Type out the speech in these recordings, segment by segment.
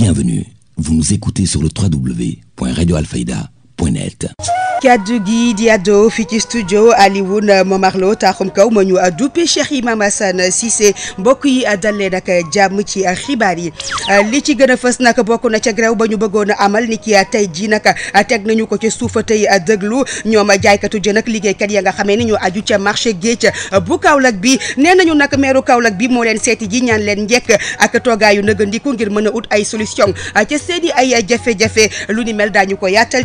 bienvenue. Vous nous écoutez sur le www.radioalfayda.net. kaddu gi di àddoo fi ci studio Alioune Momar Lo taaxum kaw ma ñu duppe Cheikh Imam Assane Cissé mbokk yi dal leen ak jàmm ci xibaar yi li ci gën a fës nak bokk na ca grève ba ñu bëggoon a amal ni ki tey jii nag teg nañu ko ci suufa tey déglu ñoom a jaaykatu jën ak liggéeykat ya nga xamee ni ñu aju ca marché géej bu Kaolack bi nee ñu nag meeru Kaolack bi moo leen seeti ji ñaan leen njekk ak toogaayu nëgandiku ngir mën a ut ay solution ca seeni ay jafe lu ni mel daañu ko yaatal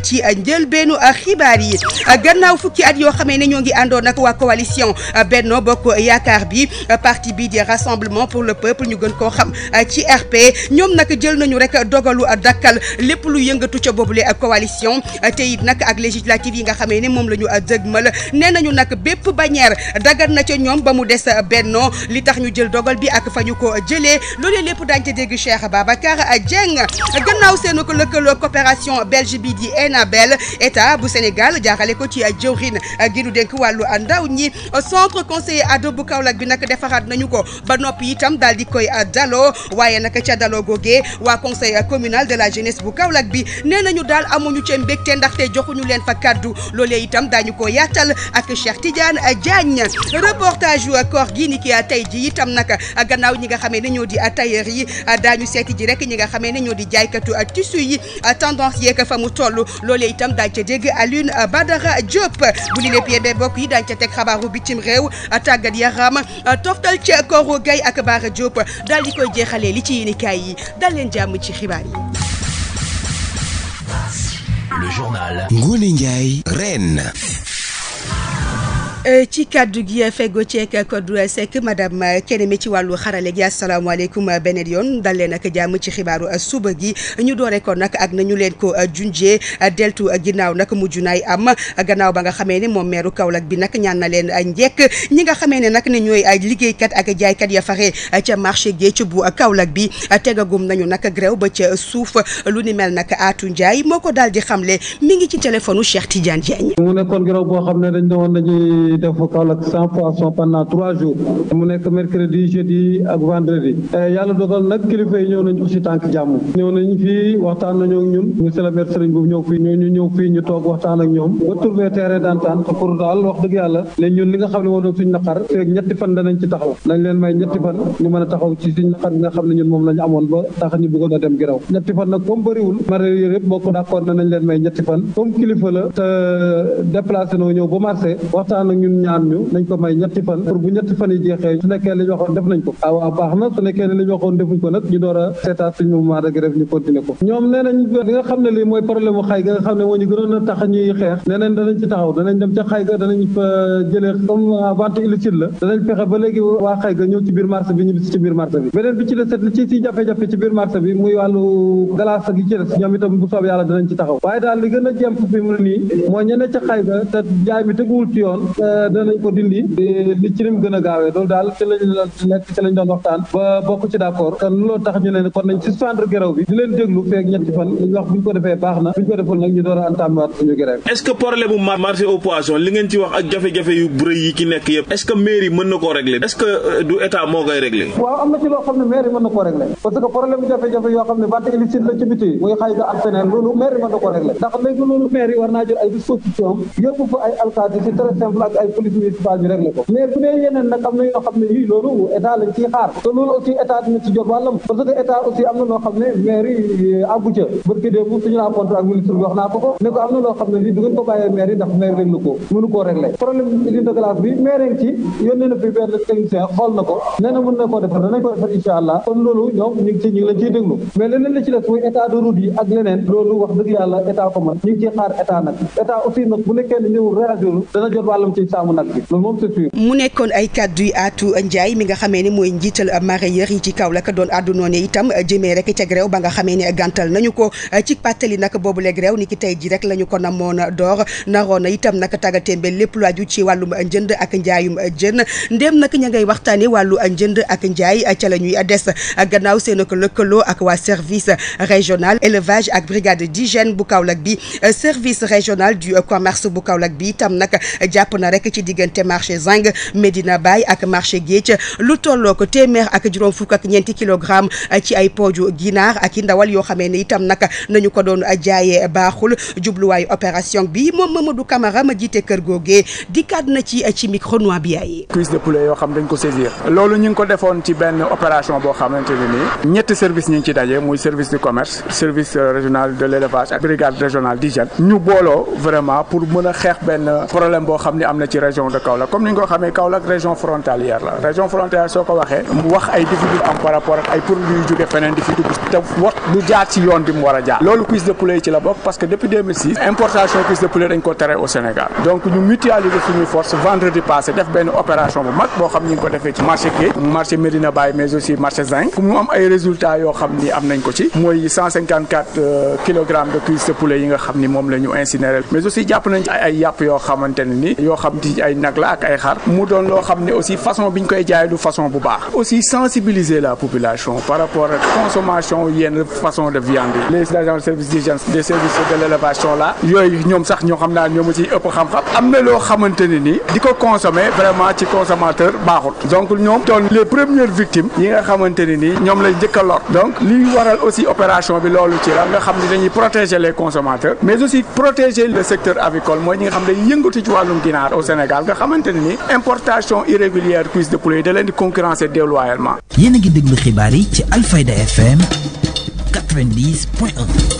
xibaar yi euh, gannaaw fukki at yoo xamee ne ñoo ngi àndoon ak waa coalition euh, Benno Bokk Yaakaar bi euh, parti bi di rassemblement pour le peuple ñu gën koo xam ci RP ñoom nag jël nañu rek dogalu dakkal lépp lu yëngatu ca boobule coalition te it nag ak législative yi nga xamee ne moom la ñu dëgmal nee nañu nag bépp bannière dagan na ca ñoom ba mu des Benno li tax ñu jël dogal bi ak fa ñu ko jëlee loolee lépp daañu ca dégg Cheikh Babacar Dieng gannaaw seen lëkkaloo Sénégal jaarale ko ci jëwrin gi nu dénk wàllu ndaw ñi centre conseiller ado bu Kaolack bi nag defaraat nañu ko ba noppi itam daal di koy daloo waaye nag ca daloo googee waa conseil communal de la jeunesse bu Kaolack bi nee nañu daal amuñu ca mbégte ndaxte joxuñu leen fa kaddu loolee itam daañu ko yaatal ak Cheikh Tidiane Diagne reportage yu koor gi ni ki tey ji itam nag gannaaw ñi nga xamee ne ñoo di tailleur yi daañu seeti ji rek ñi nga xamee ne di jaaykatu tissu yi tendance yeeg fa mu Alioune Badara Diop bu li lépp yebee bokk yi daañu ca teg xabaaru bitim réew tàggat yaram toftal ci Koro Gueye ak Baara Diop daal di koy jeexalee li ci yéenekaay yi dal leen jàmm ci xibaar yi. Le journal Ngoné Euh, ci kàddu gi euh, fego a Codou Seck madame euh, kenn mi ci wàllu xarale gi asalaamaaleykum beneen yoon dal leen ak jàmm ci xibaaru suba gi ñu doore ko nag ak na ñu leen ko junjee deltu ginnaaw nag mujj naay am gannaaw ba nga xamee ne moom meeru Kaolack bi nag ñaan na leen njekk ñi nga xamee ne nag ne ñooy liggéeykat ak jaaykat ya faxe ca marché géej bu Kaolack bi tegagum nañu nag gréew ba ca suuf lu ni mel nag aatu Ndiaye moo ko daal di xamle mi ngi ci téléphone Cheikh Tidiane Diagne. mu nekkoon di def Kaolack cent poissons pendant trois jours mu nekk mercredi jeudi ak vendredi e, yàlla dogal nag kilifa yi ñëw nañu aussi tànk jàmm ñëw nañu fii waxtaan nañoo ñun monsieur nga xam ne moo doon suñu naqar feeg ñetti fan danañ ci taxaw nañ leen may ñetti fan ñu mën a taxaw ci suñu naqar nga xam ne ñun moom lañu amoon ba tax ñu bëggoon a dem giraw ñetti fan nag comme bëriwul mareyeur bokk d'accord na nañ leen may ñetti fan comme kilifa la te déplacé noo ñëw ba marché ñun ñaan ñu nañ ko may ñetti fan pour bu ñetti fan yi jeexee su nekkee li waxoon def nañ ko ah baax na su nekkee ne waxoon defuñ ko nag ñu door a seetaat suñu ñu continuer ko ñoom nee ñu a tax fexe ba léegi waa xay ga ñëw ci biir marché bi ñu bis ci biir marché bi beneen bi ci des li ci si jafe-jafe ci biir marché bi muy wàllu glace ak yi ci des ñoom itam bu soob yàlla danañ ci taxaw waaye daal li gën a jemp fi mu nii mooy ñene ca xay ga te jaay mi danañ ko dindi di ci lim gën gaawee loolu daal ci lañ nekk ci lañ doon waxtaan ba bokk ci d' accord te loolu tax ñu ne kon nañ suspendre grève bi di leen déglu feek ñetti fan ñu ñu ko defee baax na ñu ko est ce que problème bu marché au li ngeen ci wax ak jafe-jafe yu bëri yi ci nekk yëpp est ce que mairie mën na koo régler est ce euh, que problème jafe-jafe yoo xam ne vente illicite la ci biti muy xay ga ak feneen loolu mairie mën na koo ak ay politique municipale ñu réglé ko mais bu dee yeneen nag am na yoo xam ne yii loolu état lañ ciy xaar te loolu aussi état dina ci jot la euh, ci des muy état de route yi ak leneen loolu wax dëgg yàlla état ko mën ñu ngi xaar état nag état aussi nag bu nekkee ne ñëwul réagir dana jot wàllam ci dañuy sàmm nag mu nekkoon ay kàddu yu Atou mi nga xamee ni mooy njiital mareyeur yi ci kawlek doon àddu noonu itam jëmee rek ca grève ba nga xamee ne gàntal nañu ko ci pàttali nag boobu la grève ni ki tey ji rek lañu ñu ko namoon door naroon itam nag tàggatémbe lépp lu aju ci wàllum njënd ak njaayum jën ndéem nag ña ngay waxtaanee wàllu njënd ak njaay ca la ñuy des gannaaw seen lëkkaloo ak waa service régional élevage ak brigade d'hygiène bu Kaolack bi service régional du commerce bu Kaolack bi itam nag jàpp rek ci diggante marché Zinc Medina Baye ak marché Géej lu tolloo ko téeméer ak juróom fukk ak ñeenti kilogramme ci ay pooju ginaar ak i ndawal yoo xamee ne itam nag nañu ko doon jaayee baaxul jubluwaayu opération bi moom Mamadou Camara ma jiite kër googee dikkaat na ci ci micro noir bi ay cuisse de poulet yoo xam dañ ko saisir loolu ñu ngi ko defoon ci benn opération boo xamante ne nii ñetti service ñu ngi ci daje muy service du commerce service euh, régional de l'élevage ak a na ci région de Kaolack comme ni ko xamee Kaolack région frontalière la région frontalière soo ko waxee mu wax ay difficulté am par rapport ak ay produits jóge feneen di te wax du jaar ci yoon bi mu war a jaar loolu cuisse de poulet yi ci la bokk parce que depuis 2006 importation cuisse de poulet dañ ko tere au Sénégal donc ñu mutualiser suñuy force vendredi passé def benn opération bu mag boo xam ñu ko defee ci marché Guèye marché mais aussi marché xam ne ay nag la ak ay xar mu doon loo xam ne aussi façon bi ñu koy jaay du façon bu baax aussi sensibiliser la population par rapport ak consommation yenn façon de viande yi les de service d'hygiène des services la yooyu ñoom sax ñoo xam naa ñoom ci ëpp xam-xam am na loo xamante ne di ko consommer vraiment ci consommateur baaxut donc ñoom doon les premières victimes yi nga xamante ne ñoom lay njëkk a lor donc li waral aussi opération bi loolu ci la Sénégal nga xamante ne ni importation irrégulière cuisse de poulet da leen di concurrencer déloyalement. yéen a ngi déglu xibaar yi ci Alfayda FM 90 point 1.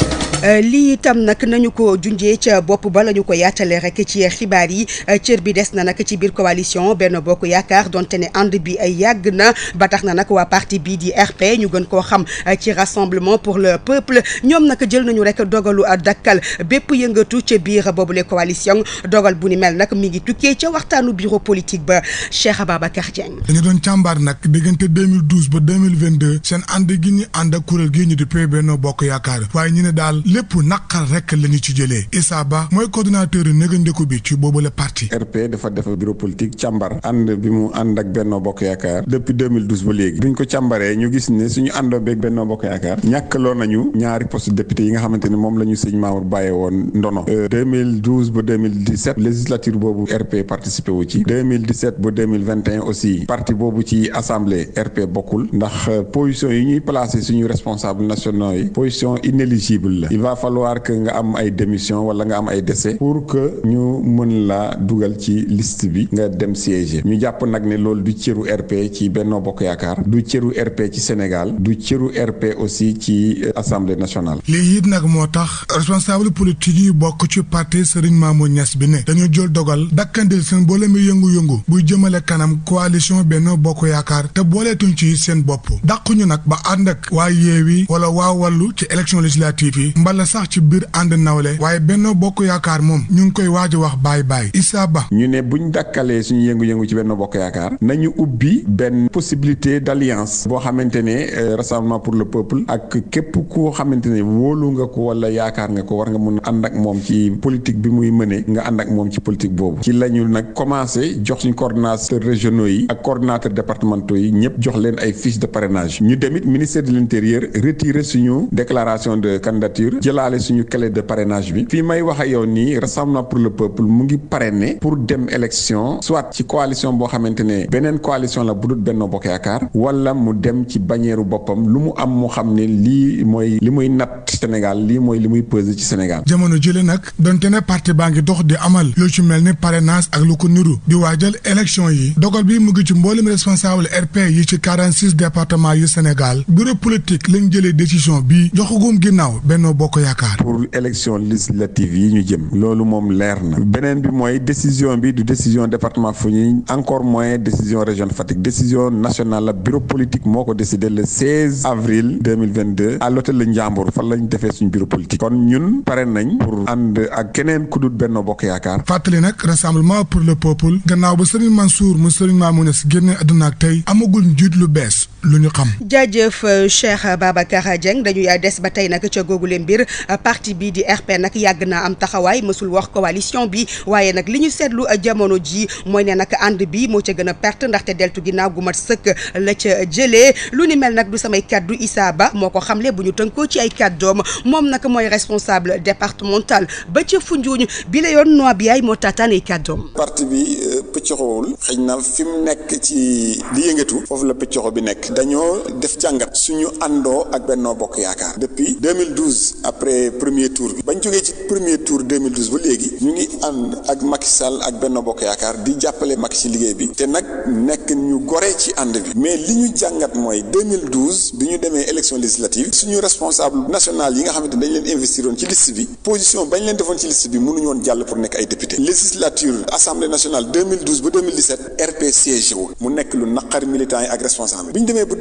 Euh, lii itam nag nañu ko junjee ca bopp ba la ñu ko yaatale rek ci xibaar yi euh, cër bi des na nag ci biir coalition benn bokk yaakaar donte ne ànd bi ay euh, yàgg na ba tax na nag waa parti bii di RP ñu gën koo xam ci rassemblement pour le peuple ñoom nag jël nañu rek dogalu dakkal bépp yëngatu ca biir boobule coalition dogal bu ni mel nag mi ngi tukkee ca waxtaanu bureau politique ba Cheikh Ababacar Dieng. dañu doon càmbaar nag diggante 2012 ba 2022 seen ànd gi ñu ànd ak kuréel ñu di PBNO bokk yaakaar waaye ñu ne daal lépp naqar rek la ñu ci jëlee Issa Ba mooy coordonnateur yu négandeku bi ci boobu la parti RP dafa def bureau politique càmbar ànd bi mu ànd ak Benno Bokk Yaakaar depuis 2012 ba léegi biñ ko càmbaree ñu gis ni suñu àndoo beeg Benno Bokk Yaakaar ñàkkaloo nañu ñaari poste député yi nga xamante ne moom lañu ñu sëñ Mamour bàyyee woon ndono 2012 euh, ba 2017 législature boobu RP participé wu ci 2017 ba 2021 aussi parti boobu ci assemblée RP bokkul ndax euh, position yi ñuy placé suñu responsable nationaux yi position inéligible la il va falloir que nga am ay démission wala nga am ay décès pour que ñu mën la dugal ci liste bi nga dem siéger ñu jàpp nag ni loolu du cëru RP ci Benno Bokk Yaakaar du cëru RP ci Sénégal du cëru RP aussi ci euh, Assemblée nationale. lii it nag moo tax responsable politique yi bokk ci parti Serigne Mamour ñas bi ne dañu jël dogal dakkandil seen boole mi yëngu-yëngu buy jëmale kanam coalition Benno Bokk Yaakaar te booleetuñ ci seen bopp dàquñu nag ba ànd ak waa Yewwi wala waa Wallu ci élection législative yi. mbala sax ci biir ànd nawle waaye Benno Bokk Yaakaar moom ñu ngi koy waaj a wax baay baay Issa Ba ñu ne buñ dakkalee suñu yëngu-yëngu ci Benno Bokk Yaakaar nañu ubbi benn possibilité d'alliance boo xamante ne euh, rassemblement pour le peuple ak képp koo xamante ne wóolu nga ko wala yaakaar nga ko war nga mun ànd ak moom ci politique bi muy mëne nga ànd ak moom ci politique boobu ci la ñu nag commencé jox suñu coordonnateurs régionaux yi ak coordonnateurs départementaux yi ñëpp jox ay fiches de parrainage ñu demit ministère de l'intérieur retirer suñu déclaration de jëlaale suñu clé de parrainage bi fii may wax ak yow nii rassemblement pour le peuple mu ngi parrainé pour dem élection la bu dul Benno ci bañeeru lu mu am mu li mooy li muy pesé ci Sénégal. jamono jële nag donte ne parti baa ngi dox di amal yoo ci mel ni parrainage ak lu ko niru di yi dogal bi mu ngi ci mboolem responsable RP yi ci 46 département yu Sénégal bureau politique lañ jëlee bi joxagum ginnaaw Benno Bokk bokk yaakaar. pour élection législative yi ñu jëm. loolu moom leer na. beneen bi mooy décision bi du décision département ñu encore moins décision région de Fatick décision nationale la bureau politique moo ko décidé le 16 avril 2022 à l'hôtel Le Ndiambour fan lañ defee suñu bureau politique. kon ñun pare nañ. pour ànd ak keneen ku dul Benno Bokk Yaakaar. fàttali nag rassemblement pour le peuple. gannaaw ba Serigne Mansour mu Serigne Mamoune Sy génne àdduna ak tey amagul njiit lu bees. lu ñu xam. jaajëf euh, Cheikh euh, Babacar Dieng dañuy euh, des ba tey nag ca googu leen mbir parti bi di RP nag yàgg naa am taxawaay mësul wax coalition bi waaye nag li ñu seetlu jamono ji mooy ne nag ànd bi moo ca gën a perte ndaxte deltu ginnaaw gu mat sëkk la ca jëlee lu ni mel nag du samay kàddu Issa Ba moo ko xamle bu ñu tënkoo ci ay doom moom nag mooy responsable départemental ba ca Foundiougne bi la yoon noo bi ay moo taataan ay kaddoom. parti dañoo def jàngat suñu àndoo ak Benno Bokk Yaakaar depuis 2012 après premier tour bi bañ jógee ci premier tour 2012 ba léegi ñu ngi ànd ak Macky Sall ak Benno Bokk Yaakaar di jàppale Macky ci liggéey bi te nag nekk ñu gore ci ànd bi mais li ñu jàngat mooy 2012 bi ñu demee élection législative suñu responsable national yi nga xamante dañ leen investiroon ci liste bi position bañ leen defoon ci liste bi mënuñu woon jàll pour nekk ay député législature assemblée nationale 2012 ba 2017 RPCG mu nekk lu naqari militants yi ak responsable bi ñu demee ba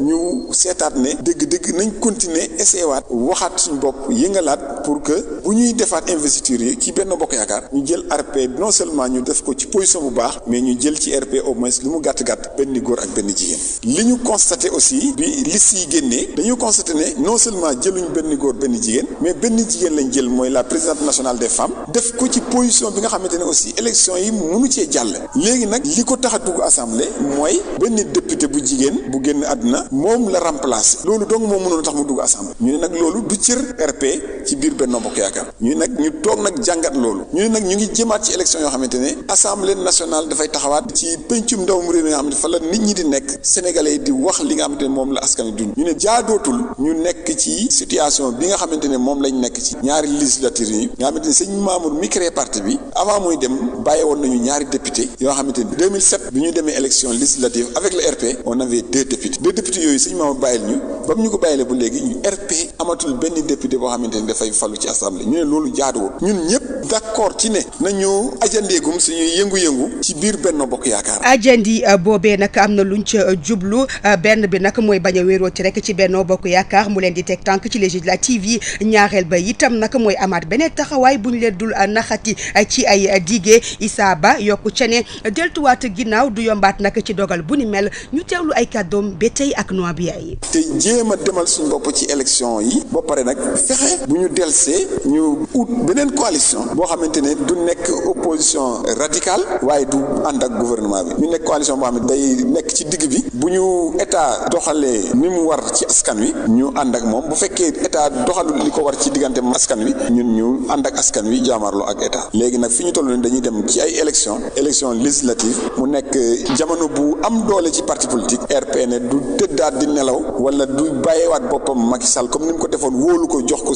ñu seetaat ne dëgg-dëgg nañ continuer essayer waat waxaat suñu bopp yëngalaat pour que bu ñuy defaat investiture yi ci benn bokk yaakaar ñu jël RP non seulement ñu def ko ci position bu baax mais ñu jël ci RP au moins lu mu gàtt gàtt benn góor ak benn jigéen li ñu constaté aussi bi liste yi génnee dañu constaté ne non seulement jëluñ benn góor benn jigéen mais benn jigéen lañ jël mooy la présidente nationale des femmes def ko ci position bi nga xamante ne aussi élection yi mënu cee jàll léegi nag li ko tax a dugg assemblée mooy benn député bu jigéen bu génn àdduna moom la remplacer loolu donc moo mënoon tax mu dugg assemblée ñu ne nag loolu du cër RP ci biir Benno Bokk Yaakaar ñu nag ñu toog nag jàngat loolu ñu nag ñu ngi jëmaat ci élection yoo xamante ne assemblée nationale dafay taxawaat ci péncum ndaw mu réew mi nga xam wax li nga xamante ne moom la askan wi dund ñu ne bi nga xamante ne moom lañ nekk ci ñaari législature yi nga ne sëñ Mamour mi créé parti bi avant muy dem woon nañu ñaari député yoo xamante ne 2007 bi ñu demee élection législative yooyu sëñ Mamour bàyyil ñu ba mu ñu ko bàyyilee bu léegi ñu RP amatul benn député boo xamante ne dafay falu ci assemblée ñu ne loolu jaaduwul ñun ñëpp d'accord ci ne nañu ajandeegum suñuy yëngu-yëngu ci biir Benno Bokk Yaakaar. ajandi euh, boobee nag am na luñ ca euh, jublu euh, benn bi nag mooy bañ a ci rek ci benn Bokk Yaakaar mu leen di teg tànk ci législative yi ñaareel ba itam nag mooy amaat beneen taxawaay bu ñu leen dul naxati ci ay digee Issa Ba yokku ca ne deltuwaat ginnaaw du yombaat nag ci dogal bu ni mel ñu lu ay kàddoom ba ak noa bi yaay. te jéem ci élection yi bu PSC ñu ut beneen coalition boo xamante ne du nekk opposition radicale waaye du ànd ak gouvernement bi ñu nekk coalition boo xam ne day nekk ci digg bi bu ñu état doxalee ni mu war ci askan wi ñu ànd ak moom bu fekkee état doxalul li ko war ci diggante maskan wi ñun ñu ànd ak askan wi jaamarloo ak état léegi nag fi ñu toll nii dañuy dem ci ay élection élection législative mu nekk jamono bu am doole ci parti politique RPN du tëddaat di nelaw wala du bàyyeewaat boppam Macky Sall comme ni mu ko defoon wóolu ko jox ko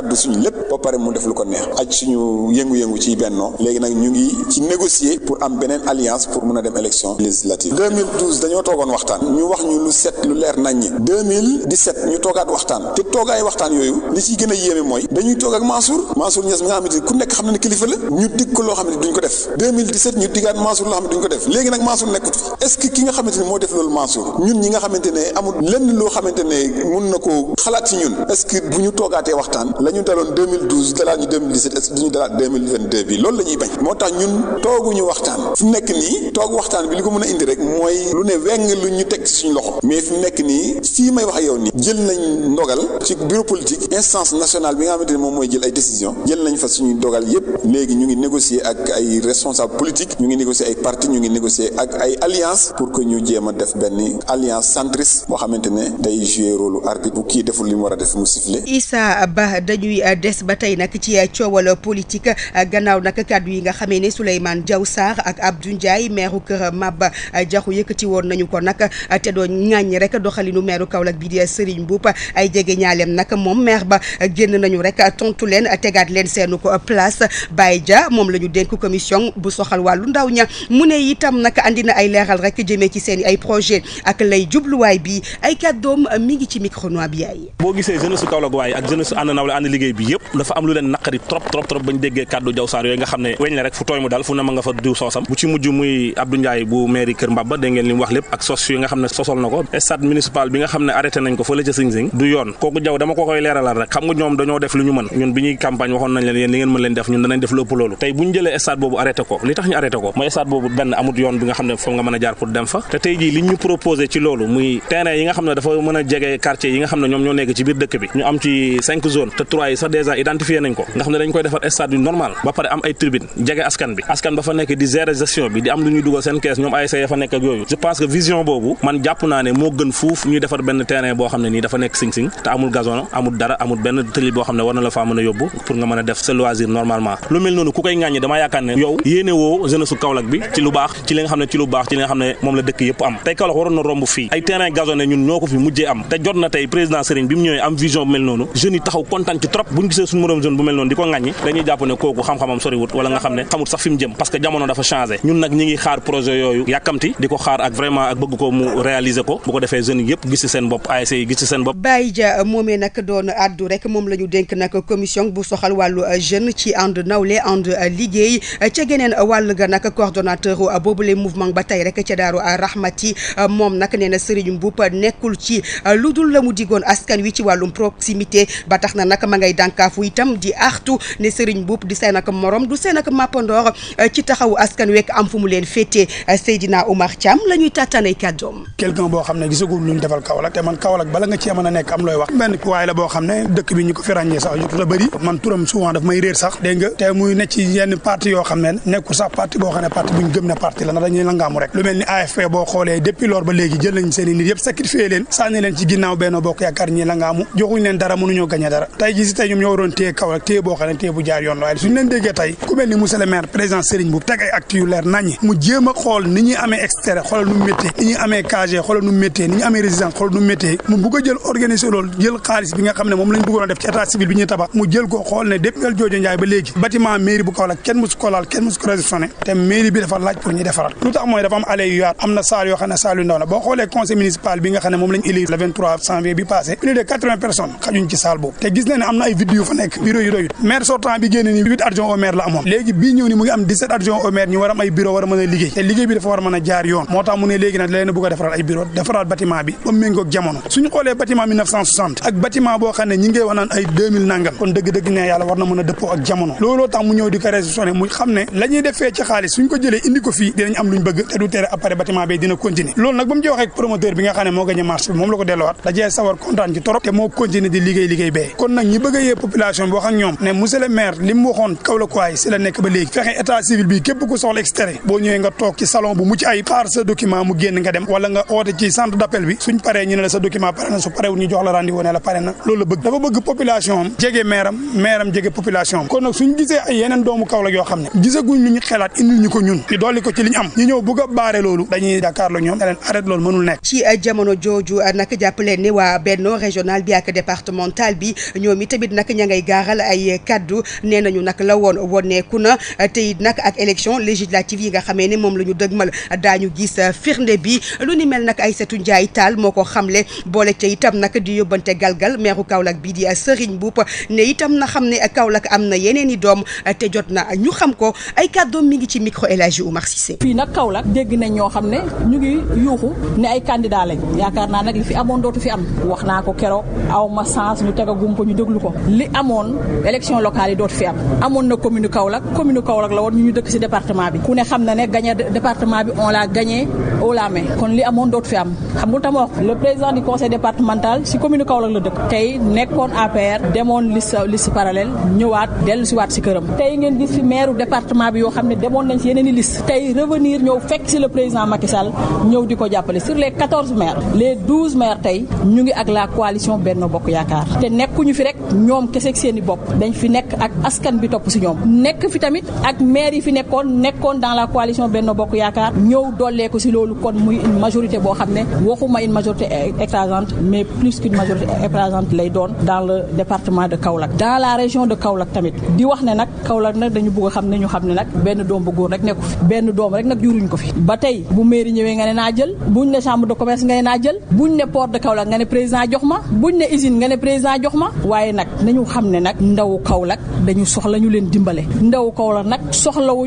kaddu suñu lépp ba pare mu def lu ko neex aj suñu yëngu-yëngu ci bennoo léegi nag ñu ngi ci négocier pour am beneen alliance pour mun a dem élection législative dañoo toogoon waxtaan ñu wax ñu lu set lu leer nañ ñu toogaat waxtaan te toogaay waxtaan yooyu li ciy gën a yéeme mooy dañuy toog ak Mansour Mansour Niass mi nga xamante ku nekk xam ne kilifa la ñu dig ko loo xam duñ ko def ñu digaat Mansour loo xam duñ ko def léegi nag Mansour nekkut est la ñu daloon 2012 dalaat ñu 2017 est-ce que du ñu dalaat 2022 bi loolu la bañ moo tax ñun tooguñu waxtaan fu nekk nii toog waxtaan bi li ko mën a indi rek mooy lu ne weng lu ñu teg ci suñu loxo mais fi nekk nii fii may wax a yow nii jël nañ ndogal ci bureau politique instance nationale bi nga xamante ne moom mooy jël ay décision jël nañ fa suñuy dogal yépp léegi ñu ngi négocier ak ay responsable politique ñu ngi négocier ay parti ñu ngi négocier ak ay alliance pour que ñu jéem a def benn alliance centriste boo xamante ne day jouer rôle arbitre bu kii deful li mu war a def mu dañuy euh, des ba tey nag ci euh, coowal politique euh, gannaaw nag kàddu yi nga xamee ne Souleymane Diaw Sarr ak Abdou Ndiaye meeru kër Maba Diakhou yëkkati woon nañu ko nag te doo ŋàññi rek doxalinu meeru Kaolack bi di Serigne Mboup ay jege ñaaleem nag moom maire ba génn nañu rek tontu leen tegaat leen seenu ko place Baye jaa moom la ñu dénk commission bu soxal wàllu ndaw ña mu ne itam nag andi na ay leeral rek jëmee ci seen i ay projet ak lay jubluwaay bi ay kàddoom doom ngi ci micro noir bi yaay. su Kaolack waaye ànd liggéey bi yëpp dafa am lu leen naqari trop trop trop ñu jëlee stade boobu arrêté ko li tax ñu arrêté ko mooy stade boobu benn amut yoon bi nga xam ne foofu nga mën a jaar pour dem fa te tey jii li ñu proposé ci loolu muy terrain yi nga xam ne dafa mën a jege quartier yi nga xam ne ñoom ñoo nekk ci biir dëkk bi ñu am ci cinq zone 3 yi sax dèjà identifié nañ ko nga xam ne dañ koy defar stade yu normal ba pare am ay tribune jege askan bi askan ba fa nekk di gérer gestion bi di am lu ñuy dugal seen kees ñoom ASC ya fa nekk yooyu je pense que vision boobu man jàpp naa ne moo gën fuuf ñuy defar benn terrain boo xam ne nii dafa nekk sing te amul gazon amul dara amul benn tëli boo xam ne war na la faa mën a yóbbu pour nga mën a def sa loisir normalement lu mel noonu ci trop buñ gisee suñu morom zone bu mel noonu di ko ŋàññi dañuy jàpp ne kooku xam-xamam soriwut wala nga xam ne xamut sax fi mu jëm parce que jamono dafa changé ñun nag ñi ngi xaar projet yooyu yàkkamti di ko xaar ak vraiment ak bëgg ko mu réaliser ko bu ko defee jeunes yëpp gis ci seen bopp a yi gis ci seen bopp Baye Dia moomee nag doon addu rek moom la dénk nag commission bu soxal wàllu jeune ci ànd nawle ànd liggéey ca geneen wàll ga nag coordonnateur ba tey rek ca daaru rahmati moom nag nee na Serigne Mboup nekkul ci lu dul la mu digoon askan wi ci wàllum proximité ba tax na nag ma ngay dànkaafu itam di axtu ne Serigne Mboup di seen ak morom du seen ak mappandoor euh, ci taxawu askan wekk am fu euh, man turam souvent daf may réer sax dégg te muy nekk yenn parti yoo xam ne nekkul sax parti boo xam ne parti buñ gëm ne parti la ndax dañuy langaamu rek lu mel ni AFP boo xoolee depuis lors ba léegi jël nañ seen i nit yëpp sacrifié leen sànni leen ci ginnaaw Benno Bokk Yaakaar ñi langaamu joxuñ leen dara mënuñoo gañe dara tey ji si tey ñoom ñoo waroon téye Kaolack téye boo xam ne bu jaar yoon la waaye suñu leen déggee tey ku mel ni monsieur le président Serigne Mboup teg ay actes yu leer naññi mu jéem a xool ni ñuy amee extérieur xoolal bu Kaolack kenn la boo xoolee conseil am na ay vide fa nekk bureau yu doyut maire sortant bi génne la amoon léegi bii war am ay bureau war a ay bureau defaraat bâtiment bi ba mu méngoog jamono suñu xoolee bâtiment 1960 ak bâtiment boo xam xam ne la ñuy defee xaalis suñ ko jëlee indi ko fii dinañ am luñ bëgg te du tere après bâtiment bi dina continuer loolu nag ba mu joxee promoteur bi nga xam ne moo gagné marché bi moom la ko delluwaat da sawar kontaan ci torop te moo continuer di liggéey bëgg a yee population bi wax ak ñoom ne monsieur le maire li mu waxoon Kaolack waay si la nekk ba léegi fexe état civil bi képp ku soxla extrait boo ñëwee nga toog ci salon bu mucc ay xaar sa document mu génn nga dem wala nga oote ci centre d'appel bi suñ paree ñu ne la sa document pare na loolu la bëgg dafa bëgg population am jege maire am maire am jege population am kon nag suñ gisee ay yeneen doomu Kaolack yoo am ñu ñëw bëgg baare loolu dañuy tamit nag ña ngay gaaral ay kaddu nee nañu nag la woon woneeku na te it nag ak élection législative yi nga xamee ne moom la ñu dëgmal daañu gis firnde bi lu ni mel nag Aïssatou Ndiaye Tall moo ko xamle boole ca itam nak di yóbbante galgal meexu Kaolack bii di a Serigne Mboup ne itam na xam ne Kaolack am na yeneen i doom te jot na ñu xam ko ay kàddoom mu ngi ci micro El Hadji Oumar Cissé. fii nag Kaolack dégg nañ ñoo xam ne ñu ngi yuuxu ne ay candidat lañ yaakaar nag li fi amoon dootu fi am wax naa ko keroog déglu ko li amoon élection locale yi dootu fi am amoon na commune Kaolack commune Kaolack la woon ñu dëkk ci département bi ku ne xam ne gagné département bi on l'a gagné au la main kon li amoon dootu fi am xam nga tam wax le président du conseil départemental ci commune Kaolack la dëkk tey nekkoon APR demoon liste parallèle ñëwaat dellu ci waat ci këram tey ngeen gis fi maire département bi yoo xam ne demoon nañ ci yeneen i liste tey revenir ñëw fekk ci ko jàppale sur les quatorze maires les douze maires ñoom keseeg seen i bopp dañ fi nekk ak askan bi topp si ñoom nekk fi tamit ak maire yi fi nekkoon nekkoon dans la coalition benn Bokk Yaakaar ñëw dolleeku si loolu kon muy une majorité boo xam ne waxuma une majorité écrasante mais plus qu'une majorité lay doon dans département de Kaolack dans la région de Kaolack tamit di wax ne nag Kaolack nag dañu bëgg xam ne ñu xam ne nag benn doom bu góor rek nekku fi benn doom rek nag juruñ ko fi ba tey bu mairie ñëwee nga ne naa jël buñ ne chambre de commerce nga ne naa jël buñ ne port de Kaolack nga ne président jox ma buñ ne usine nga ne président jox ma waaye nag nañu xam ne nag ndaw Kaolack dañu soxla ñu leen dimbale ndaw Kaolack nag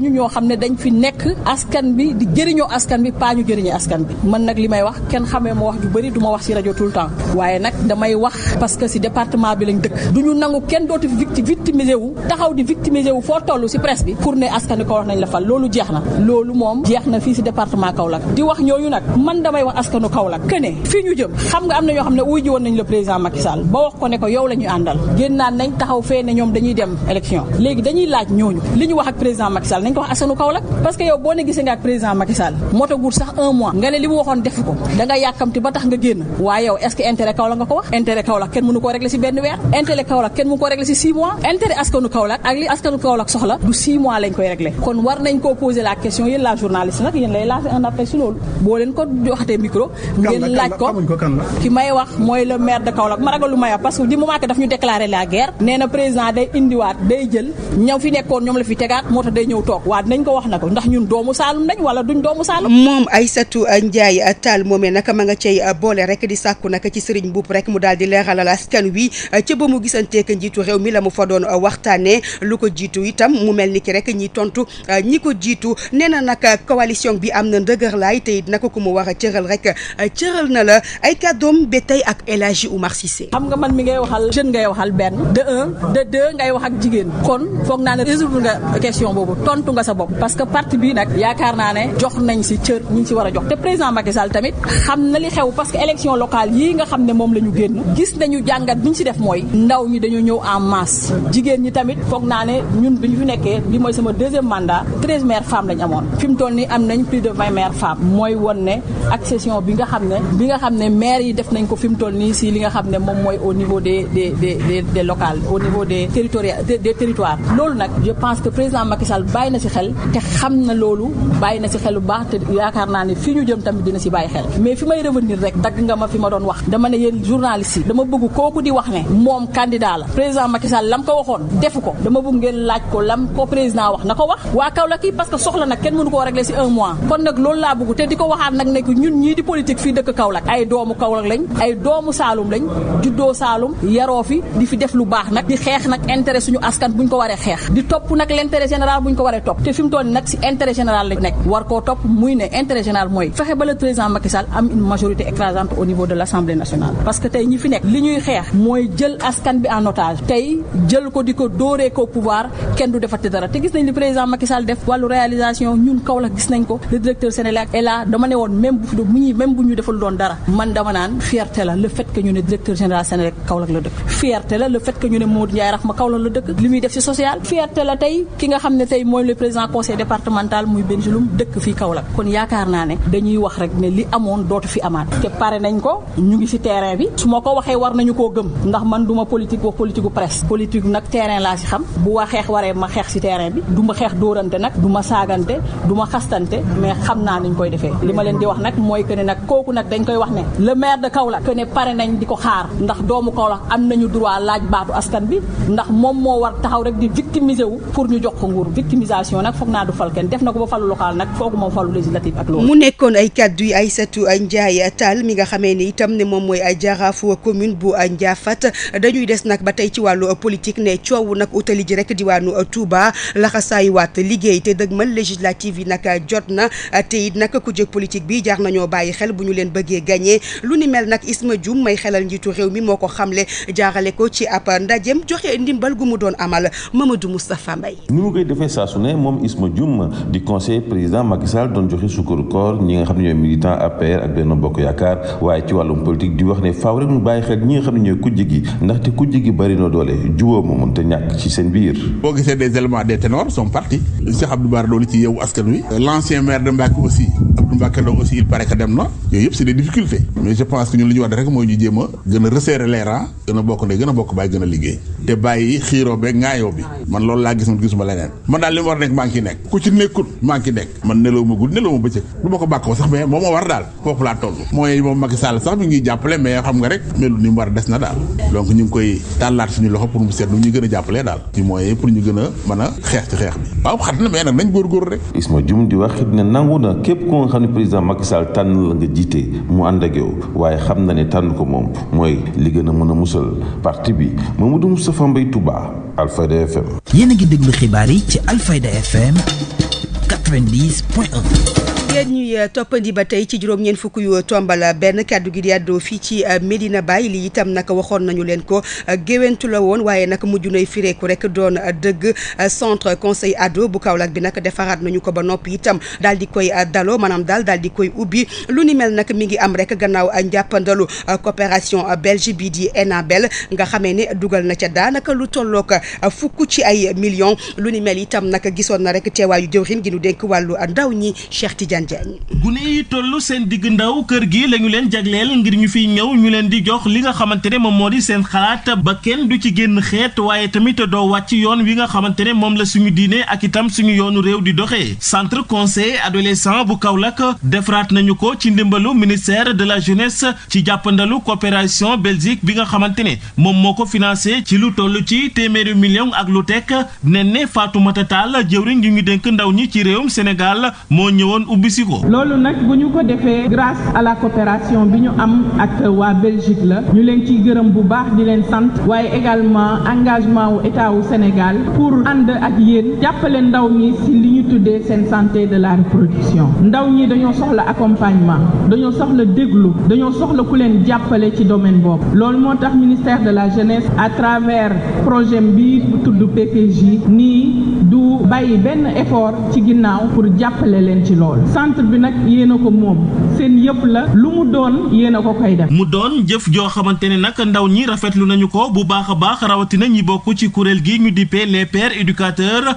ñu ñoo xam ne dañ fi nekk askan bi di jëriñoo askan bi paa ñu jëriñee askan bi man nag li may wax kenn xamee ma wax ju bëri du ma wax ci rajo tout le temps waaye nag damay wax parce que ci département dëkk du ñu nangu kenn dootu fi victimisé wu taxaw di victimisé wu foo toll ci presse pour ne askan bi Kaolack nañ la fal loolu jeex na loolu moom jeex na fii ci département Kaolack di wax ñooñu nag man damay wax askanu Kaolack que ne fii ñu jëm xam nga am na xam ne uy ji woon nañ le président Macky Sall ko ne yow la àndal waral génnaan nañ taxaw fee ñoom dañuy dem élection léegi dañuy laaj ñooñu li ñu président Macky nañ ko wax askanu Kaolack parce que yow boo ne gisee nga ak président Macky Sall motagul sax un mois nga ne li waxoon def ko da yàkkamti ba tax nga génn waaye est-ce que intérêt Kaolack nga ko wax intérêt Kaolack kenn mënu koo régler ci benn six mois intérêt askanu Kaolack ak li askanu Kaolack soxla du six mois lañ koy régler kon war nañ ko déclaré la guerre nee na président day indiwaat day jël ñëw fi nekkoon ñoom la fi tegaat moo tax day ñëw toog waa dinañ ko wax na ko ndax ñun doomu Saalum lañ wala duñ doomu Saalum. moom Aïssatou Ndiaye Tall moomee naka ma nga cay boole rek di sàkku naka ci Serigne Mboup rek mu daal di leeralal askan wi ca ba mu gisanteeg njiitu réew mi la mu fa doon waxtaanee lu ko jiitu itam mu mel ni ki rek ñi tontu ñi ko jiitu nee na nag coalition bi am na ndëgër laay te it naka ku mu war a cëral rek na la ay kàddoom ba tey ak El Hadji Oumar Cissé. xam nga man mi ngay waxal waxal benn de un de deux ngay wax ak jigéen kon foog naa ne résoudre nga question boobu tontu nga sa bopp parce que parti bii nag yaakaar naa ne jox nañ si cër ñu si war a jox te président Macky tamit xam na li xew parce que élection locale yii nga xam ne moom la ñu génn gis nañu jàngat bi ñu si def mooy ndaw ñi dañoo ñëw en masse jigéen ñi tamit foog naa ne ñun bi ñu fi nekkee bi mooy sama deuxième mandat treize maires femmes lañ amoon fi mu toll am nañ plus de maires yi def nañ ko fi de local locales au niveau des territoria loolu nag je pense que président Macky Sall bàyyi na si xel te xam na loolu bàyyi na si xel baax te yaakaar naa ne fii ñu jëm tamit dina si bàyyi xel mais fi may revenir rek dagg nga ma fi ma doon wax dama ne yéen journaliste yi dama bëgg kooku di wax ne moom candidat la président Macky Sall lam ko waxoon defu ko dama bëgg ngeen laaj ko lam ko président wax na ko wax waa Kaolack yi parce que soxla nag kenn mënu koo régler si un mois kon nag loolu laa bëgg te di ko waxaat nag nekk ñun ñii di politique fii dëkk Kaolack ay doomu Kaolack lañ ay doomu Saalum lañ juddoo Saalum yaroo fi di fi def lu baax nag di xeex nag intérêt suñu askan buñ ko waree xeex di topp nag l' intérêt général buñ ko waree topp te fi mu toll nag si intérêt général la nekk war koo topp muy ne intérêt général mooy fexe ba le président Macky am une majorité écrasante au niveau de l' nationale parce que tey ñi fi nekk li ñuy xeex mooy jël askan bi en otage tey jël ko di ko dooree ko pouvoir kenn du defati dara te gis nañ li président Macky Sall def wàllu réalisation ñun Kaolack gis nañ ko le directeur Sénégal et là dama ne woon même bu fi mu ñuy bu ñu defal doon dara man dama naan fierté la le fait que ñu ne fierté la le fait que ñu ne Modou Ndiaye Rahma Kaolack la dëkk li muy def ci social fierté la tey ki nga xam ne tey mooy le président conseil départemental muy Benjulum dëkk fii Kaolack kon yaakaar naa ne dañuy wax rek ne li amoon dootu fi amaat te pare nañ ko ñu ngi ci terrain bi su ma ko waxee war nañu koo gëm ndax man du ma wax politique u presse nag terrain laa ci xam bu waa xeex waree ma xeex ci terrain bi du xeex dóorante nag du saagante koy defee li ma leen di wax nag mooy que ne nag kooku nag dañ koy wax ne le maire de Kaolack que ne pare nañ di droit laaj baatu askan bi ndax moom moo war taxaw rek di victimiser wu pour ñu jox ko nguur victimisation nag foog naa du fal kenn def na ko ba falu local nag foog moom falu législatif ak loolu. mu nekkoon ay kaddu yi Aïssatou Ndiaye Tall mi nga xamee ne moom mooy jaraafu commune bu Ndiafate dañuy des nag ba tey ci wàllu politique ne coow nag utali ji rek diwaanu Touba laxasaayuwaat liggéey te dëgmal législative yi nag jot na te it nag ku jóg politique bi jaar nañoo bàyyi xel bu ñu leen bëggee gagné lu ni mel nag Isma Dioum may xelal njiitu réew mi moo ko xamle jaarale ko ci ab ndajeem joxe ndimbal gu mu doon amal Mamadou Moustapha Mbaye ni mu koy defee saa su ne moom Isma Dioum di conseil président Macky Sall doon joxe sukkaru koor ñi nga xam ne ñooy militant APR ak Benno Bokk Yaakaar waaye ci wàllum politique di wax ne faaw rek bàyyi xel ñi nga xam ne ñooy kujj gi ndaxte kujj gi bari doole jubóo moom te ñàkk ci seen biir. boo gisee des éléments des ténors sont partis. Cheikh Abdou Bara Dolly ci Yewwi Askan Wi. l'ancien gën a bokk baay gën a liggéey te bàyyi xiiroo beeg ŋaayoo bi man loolu laa gis man gisuma leneen man daal li ma war nekk maa nekk ku ci nekkut maa nekk man nelaw ma gudd nelaw ma bëccëg du ma ko bàkkoo sax mais moom moo war daal foofu laa mooy moom rek melu na daal donc ñu ngi koy tàllaat suñu loxo pour mu seet nu ñu gën a jàppalee daal ci moyen a mën a xeex ci xeex bi waaw xat na mais nag nañ góorgóor rek Isma Dioum di wax ne nangu na képp ku nga xam ne président Macky Sall tànn la nga jiite mu ànd ak xam na ne tànn ko moom mooy li gën a mën a musal parti bi Moustapha Mbaye Touba Alfayda FM. yéen a ngi déglu xibaar yi ci Alfayda FM 90 point yéen ñuy euh, toppandi ba tey ci juróom ñeen fukk yu tombal benn kàddu gi di àddoo fii ci euh, Medina Baye lii itam naka waxoon nañu leen ko euh, géwentu la woon waaye nag mujj nay fireeku rek doon dëgg centre conseil ado bu Kaolack bi nag defaraat nañu ko ba noppi itam daal di koy daloo maanaam daal daal di koy ubbi lu ni mel nag mi ngi am rek gannaaw njàppandalu coopération belge bi di Enabel nga xamee ne dugal na ca daanaka lu tollook fukk ci ay millions lu ni mel itam nag gisoon na rek teewaayu jëwriñ gi nu dénk wàllu ndaw ñi Cheikh Tidiane Tidiane Diagne. gune yi toll seen digg ndaw kër gi la ñu leen jagleel ngir ñu fiy ñëw ñu leen di jox li nga xamante ne moom moo di seen xalaat ba kenn du ci génn xeet waaye tamit doo wàcc yoon wi nga xamante ne moom la suñu diine ak itam suñu yoonu réew di doxee centre conseil adolescent bu Kaolack defaraat nañu ko ci ndimbalu ministère de la jeunesse ci jàppandalu coopération Belgique bi nga xamante ne moom moo ko financé ci lu toll ci téeméeri million ak lu tekk nen ne Fatoumata Tall jëwriñ gi dénk ndaw ñi ci réewum Sénégal si loolu nag bu ñu ko defee grâce à la coopération bi ñu am ak waa Belgique la ñu leen ci gërëm bu baax di leen sant waaye également engagement wu état wu Sénégal pour ànd ak yéen jàppale ndaw ñi si li ñu tuddee seen santé de la reproduction ndaw ñi dañoo soxla accompagnement dañoo soxla déglu dañoo soxla ku leen jàppale ci domaine boobu loolu moo tax ministère de la jeunesse à travers projet bi tudd PPJ nii du bàyyi benn effort ci ginnaaw pour jàppale leen ci lool centre bi nag yéen a ko moom seen yëpp la lu mu doon yéen a ko koy def. mu doon jëf joo xamante ne nag ndaw ñi rafetlu nañu ko bu baax a baax rawatina ñi bokk ci kuréel gi ñu dippee les pères éducateurs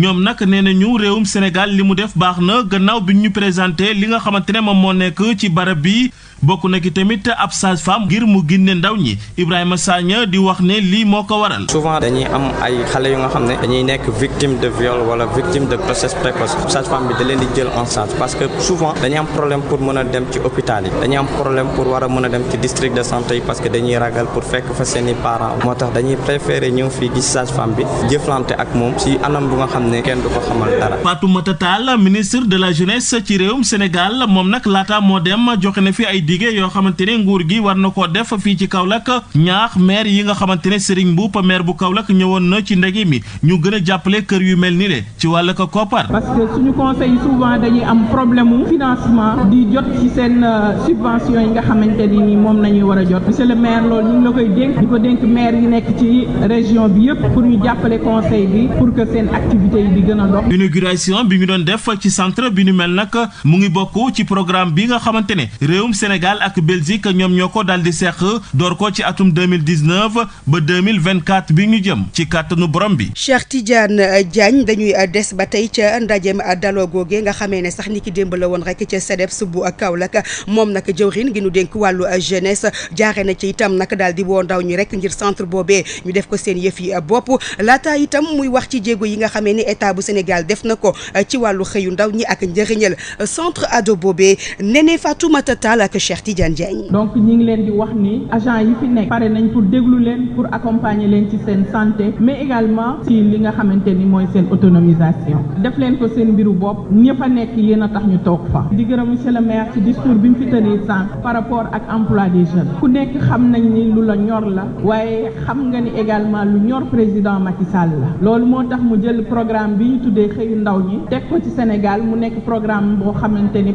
ñoom nag nee nañu réewum Sénégal li mu def baax na gannaaw bi ñu présenté li nga xamante ne moom moo nekk ci barab bi. bokk na ki tamit ab sage-femme ngir mu génne ndaw ñi Ibrahima Sagna di wax ne lii moo ko waral. souvent dañuy am ay xale yu nga xam ne dañuy nekk victime de viol wala victime de grossesse précoce sage-femme bi da leen di jël en charge parce que souvent dañuy am problème pour mën a dem ci hôpital yi dañuy am problème pour war mën a dem ci district de santé yi parce que dañuy ragal pour fekk fa seeni parents moo tax dañuy préférer ñëw fii gis sage-femme bi dige yoo xamante ne nguur gi war na koo def fii ci Kaolack ñaax maire yi nga xamante ne Serigne Mboup maire bu Kaolack ñëwoon na ci ndege mi ñu gën a jàppale kër yu mel ni le ci wàll ko koppar. parce que suñu conseil souvent dañuy am problème mu financement di jot ci seen euh, subvention yi nga xamante ne ni moom nañuy war a jot monsieur le maire loolu ñu ngi la koy dénk di ko dénk maire yi nekk ci région bi yëpp pour ñu jàppale conseil bi pour que seen activité yi di bi ñu doon def ci bi ñu mel nag mu Sénégal ak Belgique ñoom ñoo ko daal di seq door ko ci atum 2019 ba bi ñu jëm ci kàttanu borom bi. Cheikh Tidiane Diagne dañuy des ba tey ca ndajeem daloo googe nga xamee ne sax ni ki démb la woon rek ca CDEPS bu Kaolack moom nag jëwriñ gi nu dénk wàllu jeunesse jaare na ci itam naka daal di woo ndaw ñi rek ngir centre boobee ñu def ko seen yëf yi bopp laata itam muy wax ci jéego yi nga xamee ni état bu Sénégal def na ko ci wàllu xëyu ndaw ñi ak njëriñal Cheikh Tidiane Diagne. donc ñi ngi leen di wax ni agent yi fi nekk pare nañ pour déglu leen pour accompagner leen ci seen santé mais également ci li nga xamante ni mooy seen autonomisation def leen ko seen mbiru bopp ñëpp a nekk yéen a tax ñu toog fa. di gërëm monsieur le maire ci discours bi mu fi tenir sànq par rapport ak emploi des jeunes ku nekk xam nañ ni lu la ñor la waaye xam nga ni également lu ñor président Macky Sall la loolu moo tax mu jël programme bi ñu xëyu ndaw ñi teg ci Sénégal mu nekk programme boo xamante ni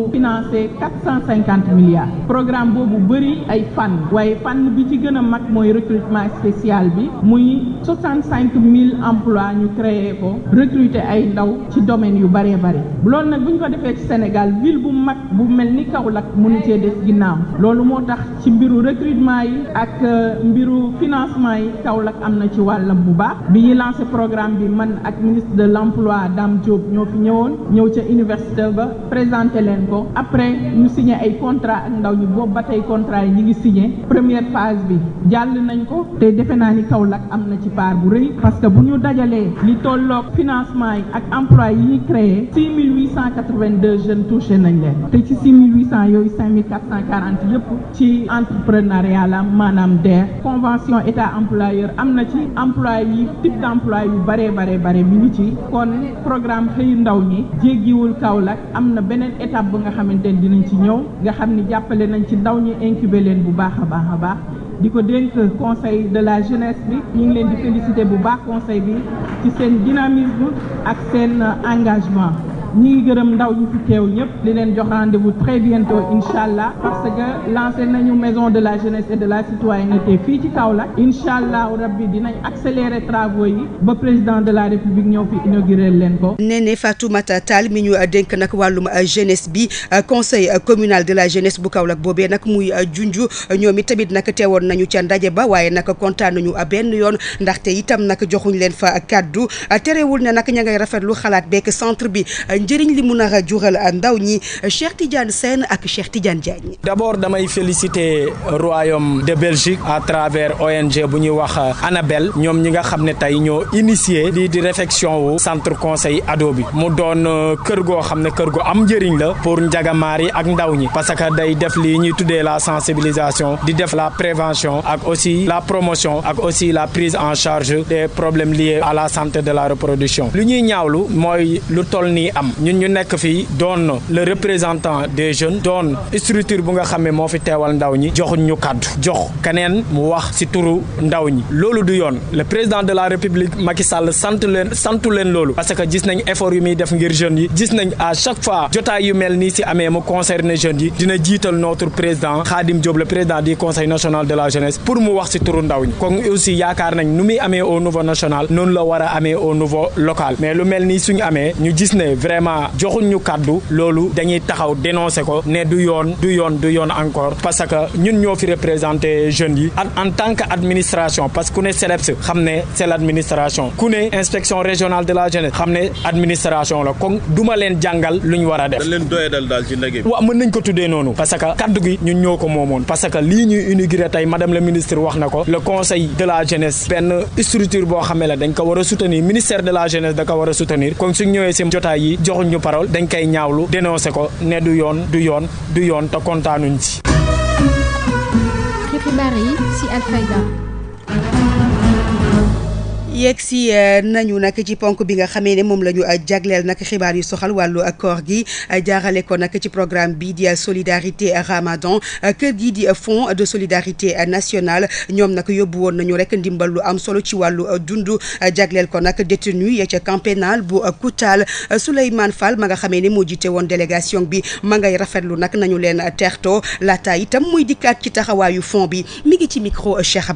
bu financé quatre cent cinquante milliards programme boobu bëri ay fànn waaye fànn bi ci gën a mag mooy recrutement spécial bi muy soixante cinq mille emplois ñu créé ko recruter ay ndaw ci domaine yu bëree bëri loolu nag bu ñu ko defee ci Sénégal ville bu mag bu mel ni Kaolack mënu cee des ginnaaw loolu moo tax ci mbiru recrutement yi ak euh, mbiru financement yi Kaolack am na ci wàllam bu baax bi ñuy lancé programme bi man ak ministre de l' emploi Dame ñoo fi ñëwoon ñëw ca université ba présenté leen ko après ñu signé ay contrat ak ndaw ñi boobu ba tey contrat yi ñu ngi signé première phase bi jàll nañ ko te defe naa ni Kaolack am na ci part bu rëy parce que bu ñu dajalee li tollook financement yi ak emploi yi ñuy créé 6882 jeunes touché nañ leen te ci 6800 yooyu 5440 yëpp ci entrepreneuriat la maanaam DER convention état employeur am na ci emploi yi type d' yu bare bare bare mi ngi ci kon programme xëyu ndaw ñi jéggiwul Kaolack am na beneen étape nga xamante ni dinañ ci ñëw nga xam ni jàppale nañ ci ndaw ñi incuber leen bu baax a baax a baax di ko dénk conseil de la jeunesse bi ñu ngi leen di féliciter bu baax conseil bi ci seen dynamisme ak seen engagement ñi ngi gërëm ndaw ñu fi teew ñëpp li leen jox rendez-vous très bientôt incha allah parce que lancé nañu maison de la jeunesse et de la citoyenneté fii ci Kaolack incha allah rabbi dinañ accélérer travaux yi ba président de la république ñëw fi inauguré leen ko. Néné Fatoumata Tall mi ñu dénk nag wàllum jeunesse bi conseil communal de la jeunesse bu Kaolack boobee nag muy junju ñoom it tamit nag teewoon nañu ca ndaje ba waaye nag kontaan nañu benn yoon ndaxte itam nag joxuñ leen fa kàddu terewul ne nag ña ngay rafetlu xalaat beek centre bi. njëriñ li mu nar a jural ndaw ñi Cheikh Tidiane seen ak Cheikh Tidiane Diagne. d'abord damay féliciter royaume de Belgique à travers ONG bu ñuy wax Annabelle ñoom ñi nga xam ne tey ñoo initié lii di réflexion wu centre conseil ado bi mu doon euh, kër goo xam ne kër gu am njëriñ la pour njagamaar yi ak ndaw ñi parce que day def lii ñuy tuddee la sensibilisation di def la prévention ak aussi la promotion ak aussi la prise en charge de problèmes liés à la santé de la reproduction lu ñuy ñaawlu mooy ñun ñu nekk fii doon le représentant des jeunes doon structure bu nga xam ne moo fi teewal ndaw ñi joxuñ ñu kàddu jox keneen mu wax ci turu ndaw ñi loolu du yoon le président de la république Macky Sall sant leen santu leen loolu parce que gis nañ effort yu muy def ngir jeunes yi gis nañ à chaque fois jotaay mel ni ci amee mu concerné jeunes yi dina jiital notre président Khadim Diop le président du conseil national de la jeunesse pour mu wax ci turu ndaw ñi kon aussi yaakaar nañ nu la war a amee au niveau local vraiment joxuñ ñu kàddu loolu dañuy taxaw dénoncé ko ne du yoon du yoon du yoon encore parce que ñun ñoo fi représenté jeunes yi en tan que administration parce que ku ne CDEPS xam ne c'est l'administration ku ne inspection régionale de la jeunesse xam ne administration la kon duma leen jàngal lu ñu war a def. dañ leen doyadal daal ci ndege bi. mën nañ ko tuddee noonu parce que kaddu gi ñun ñoo ko moomoon parce que lii ñuy inauguré tey madame la ministre wax na ko le conseil de la jeunesse benn structure boo xamee la dañ de la jeunesse joxuñ ñu parole dañ koy ñaawlu dénoncé ko ne du yoon du yoon du yoon te kontaanuñ ci xibaar yi ci Alfayda yegg si euh, nañu nag ci ponk bi nga xamee ne moom la ñu euh, jagleel nag xibaar yu soxal wàllu euh, kor gi jaarale ko nag ci programme bii di solidarité Ramadan kër gii di fonds de solidarité nationale ñoom nag yóbbu woon nañu rek ndimbal lu am solo ci wàllu dund jagleel ko nag détenu ya ca camp bu Koutal Souleymane Fall ma nga xamee ne moo jiite woon délégation bi ma ngay rafetlu nag nañu leen teexto laata itam muy dikkaat ci taxawaayu fonds bi mi ngi ci micro Cheikh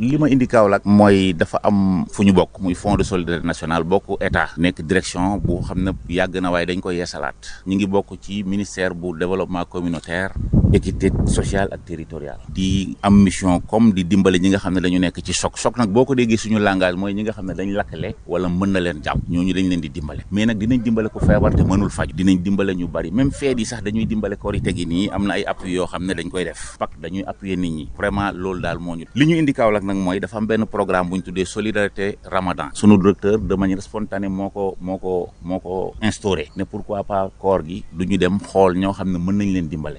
indi Kaolack mooy am fu ñu bokk muy fonds de solidarité nationale bokk état nekk direction bu xam ne yàgg na waaye dañ koy yeesalaat ñu ngi bokk ci ministère bu développement communautaire équité sociale ak territoriale. di am mission comme di dimbale ñi nga xam ne dañu nekk ci choc choc nag boo ko déggee suñu langage mooy ñi nga xam ne dañ lakkale wala mën na leen jàpp ñooñu dañ leen di dimbale mais nag dinañ dimbale ko feebar te mënul dimbale ñu bari même feet yi sax dañuy dimbale korite gi nii am ne dañ koy def pak dañuy appuyer nit loolu daal moo ñu li ñu indi Kaolack nag mooy dafa am benn programme bu ñu tuddee solidarité Ramadan sunu directeur de manière spontanée moo ko moo ko moo ko instauré ne pourquoi pas koor gi du ñu dem xool ñoo xam ne mën nañ leen dimbale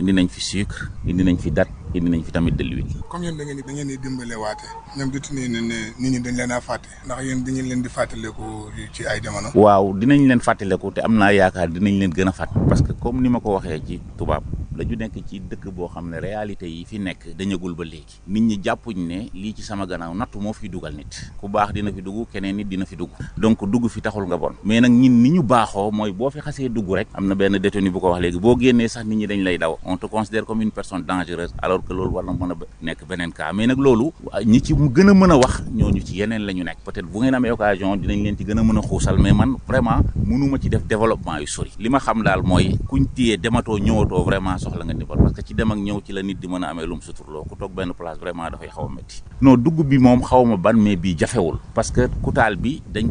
indi nañ fi sucre indi nañ fi date indi nañ fi tamit de l'huile. comme yéen da ngeen di da ngeen di dimbale waate ñoom jotu nañ ne nit ñi dañ leen a fàtte ndax yéen dañu leen di fàttaliku ci ay jamono. waaw dinañ leen fàttaliku te am naa yaakaar dinañ leen gën a parce que comme ni ma ko waxee ci tubaab dañu nekk ci dëkk boo xam ne réalité yi fi nekk dañagul ba léegi. nit ñi jàppuñ ne lii ci sama gannaaw nattu moo fi dugal nit ku baax dina fi dugg keneen nit dina fi dugg donc dugg fi taxul nga bon mais nag ñin ni ñu baaxoo mooy boo fi xasee dugg rek na benn détenu bu ko wax léegi boo génnee sax nit ñi dañ lay daw on te considère alors loolu war mën a nekk beneen cas mais nag loolu ñi ci gën a mën a wax ci yeneen la nekk peut bu ngeen amee occasion dinañ leen ci gën a xuusal mais man vraiment mënuma ci def développement yu sori li ma xam daal mooy kuñ téyee dematoo ñëwatoo vraiment soxla nga ndimbal parce que ci dem ñëw ci la nit di mën amee lum suturloo ku toog benn place vraiment dafay xaw a métti dugg bi moom xaw ban mais bii jafewul parce que kutaal bi dañ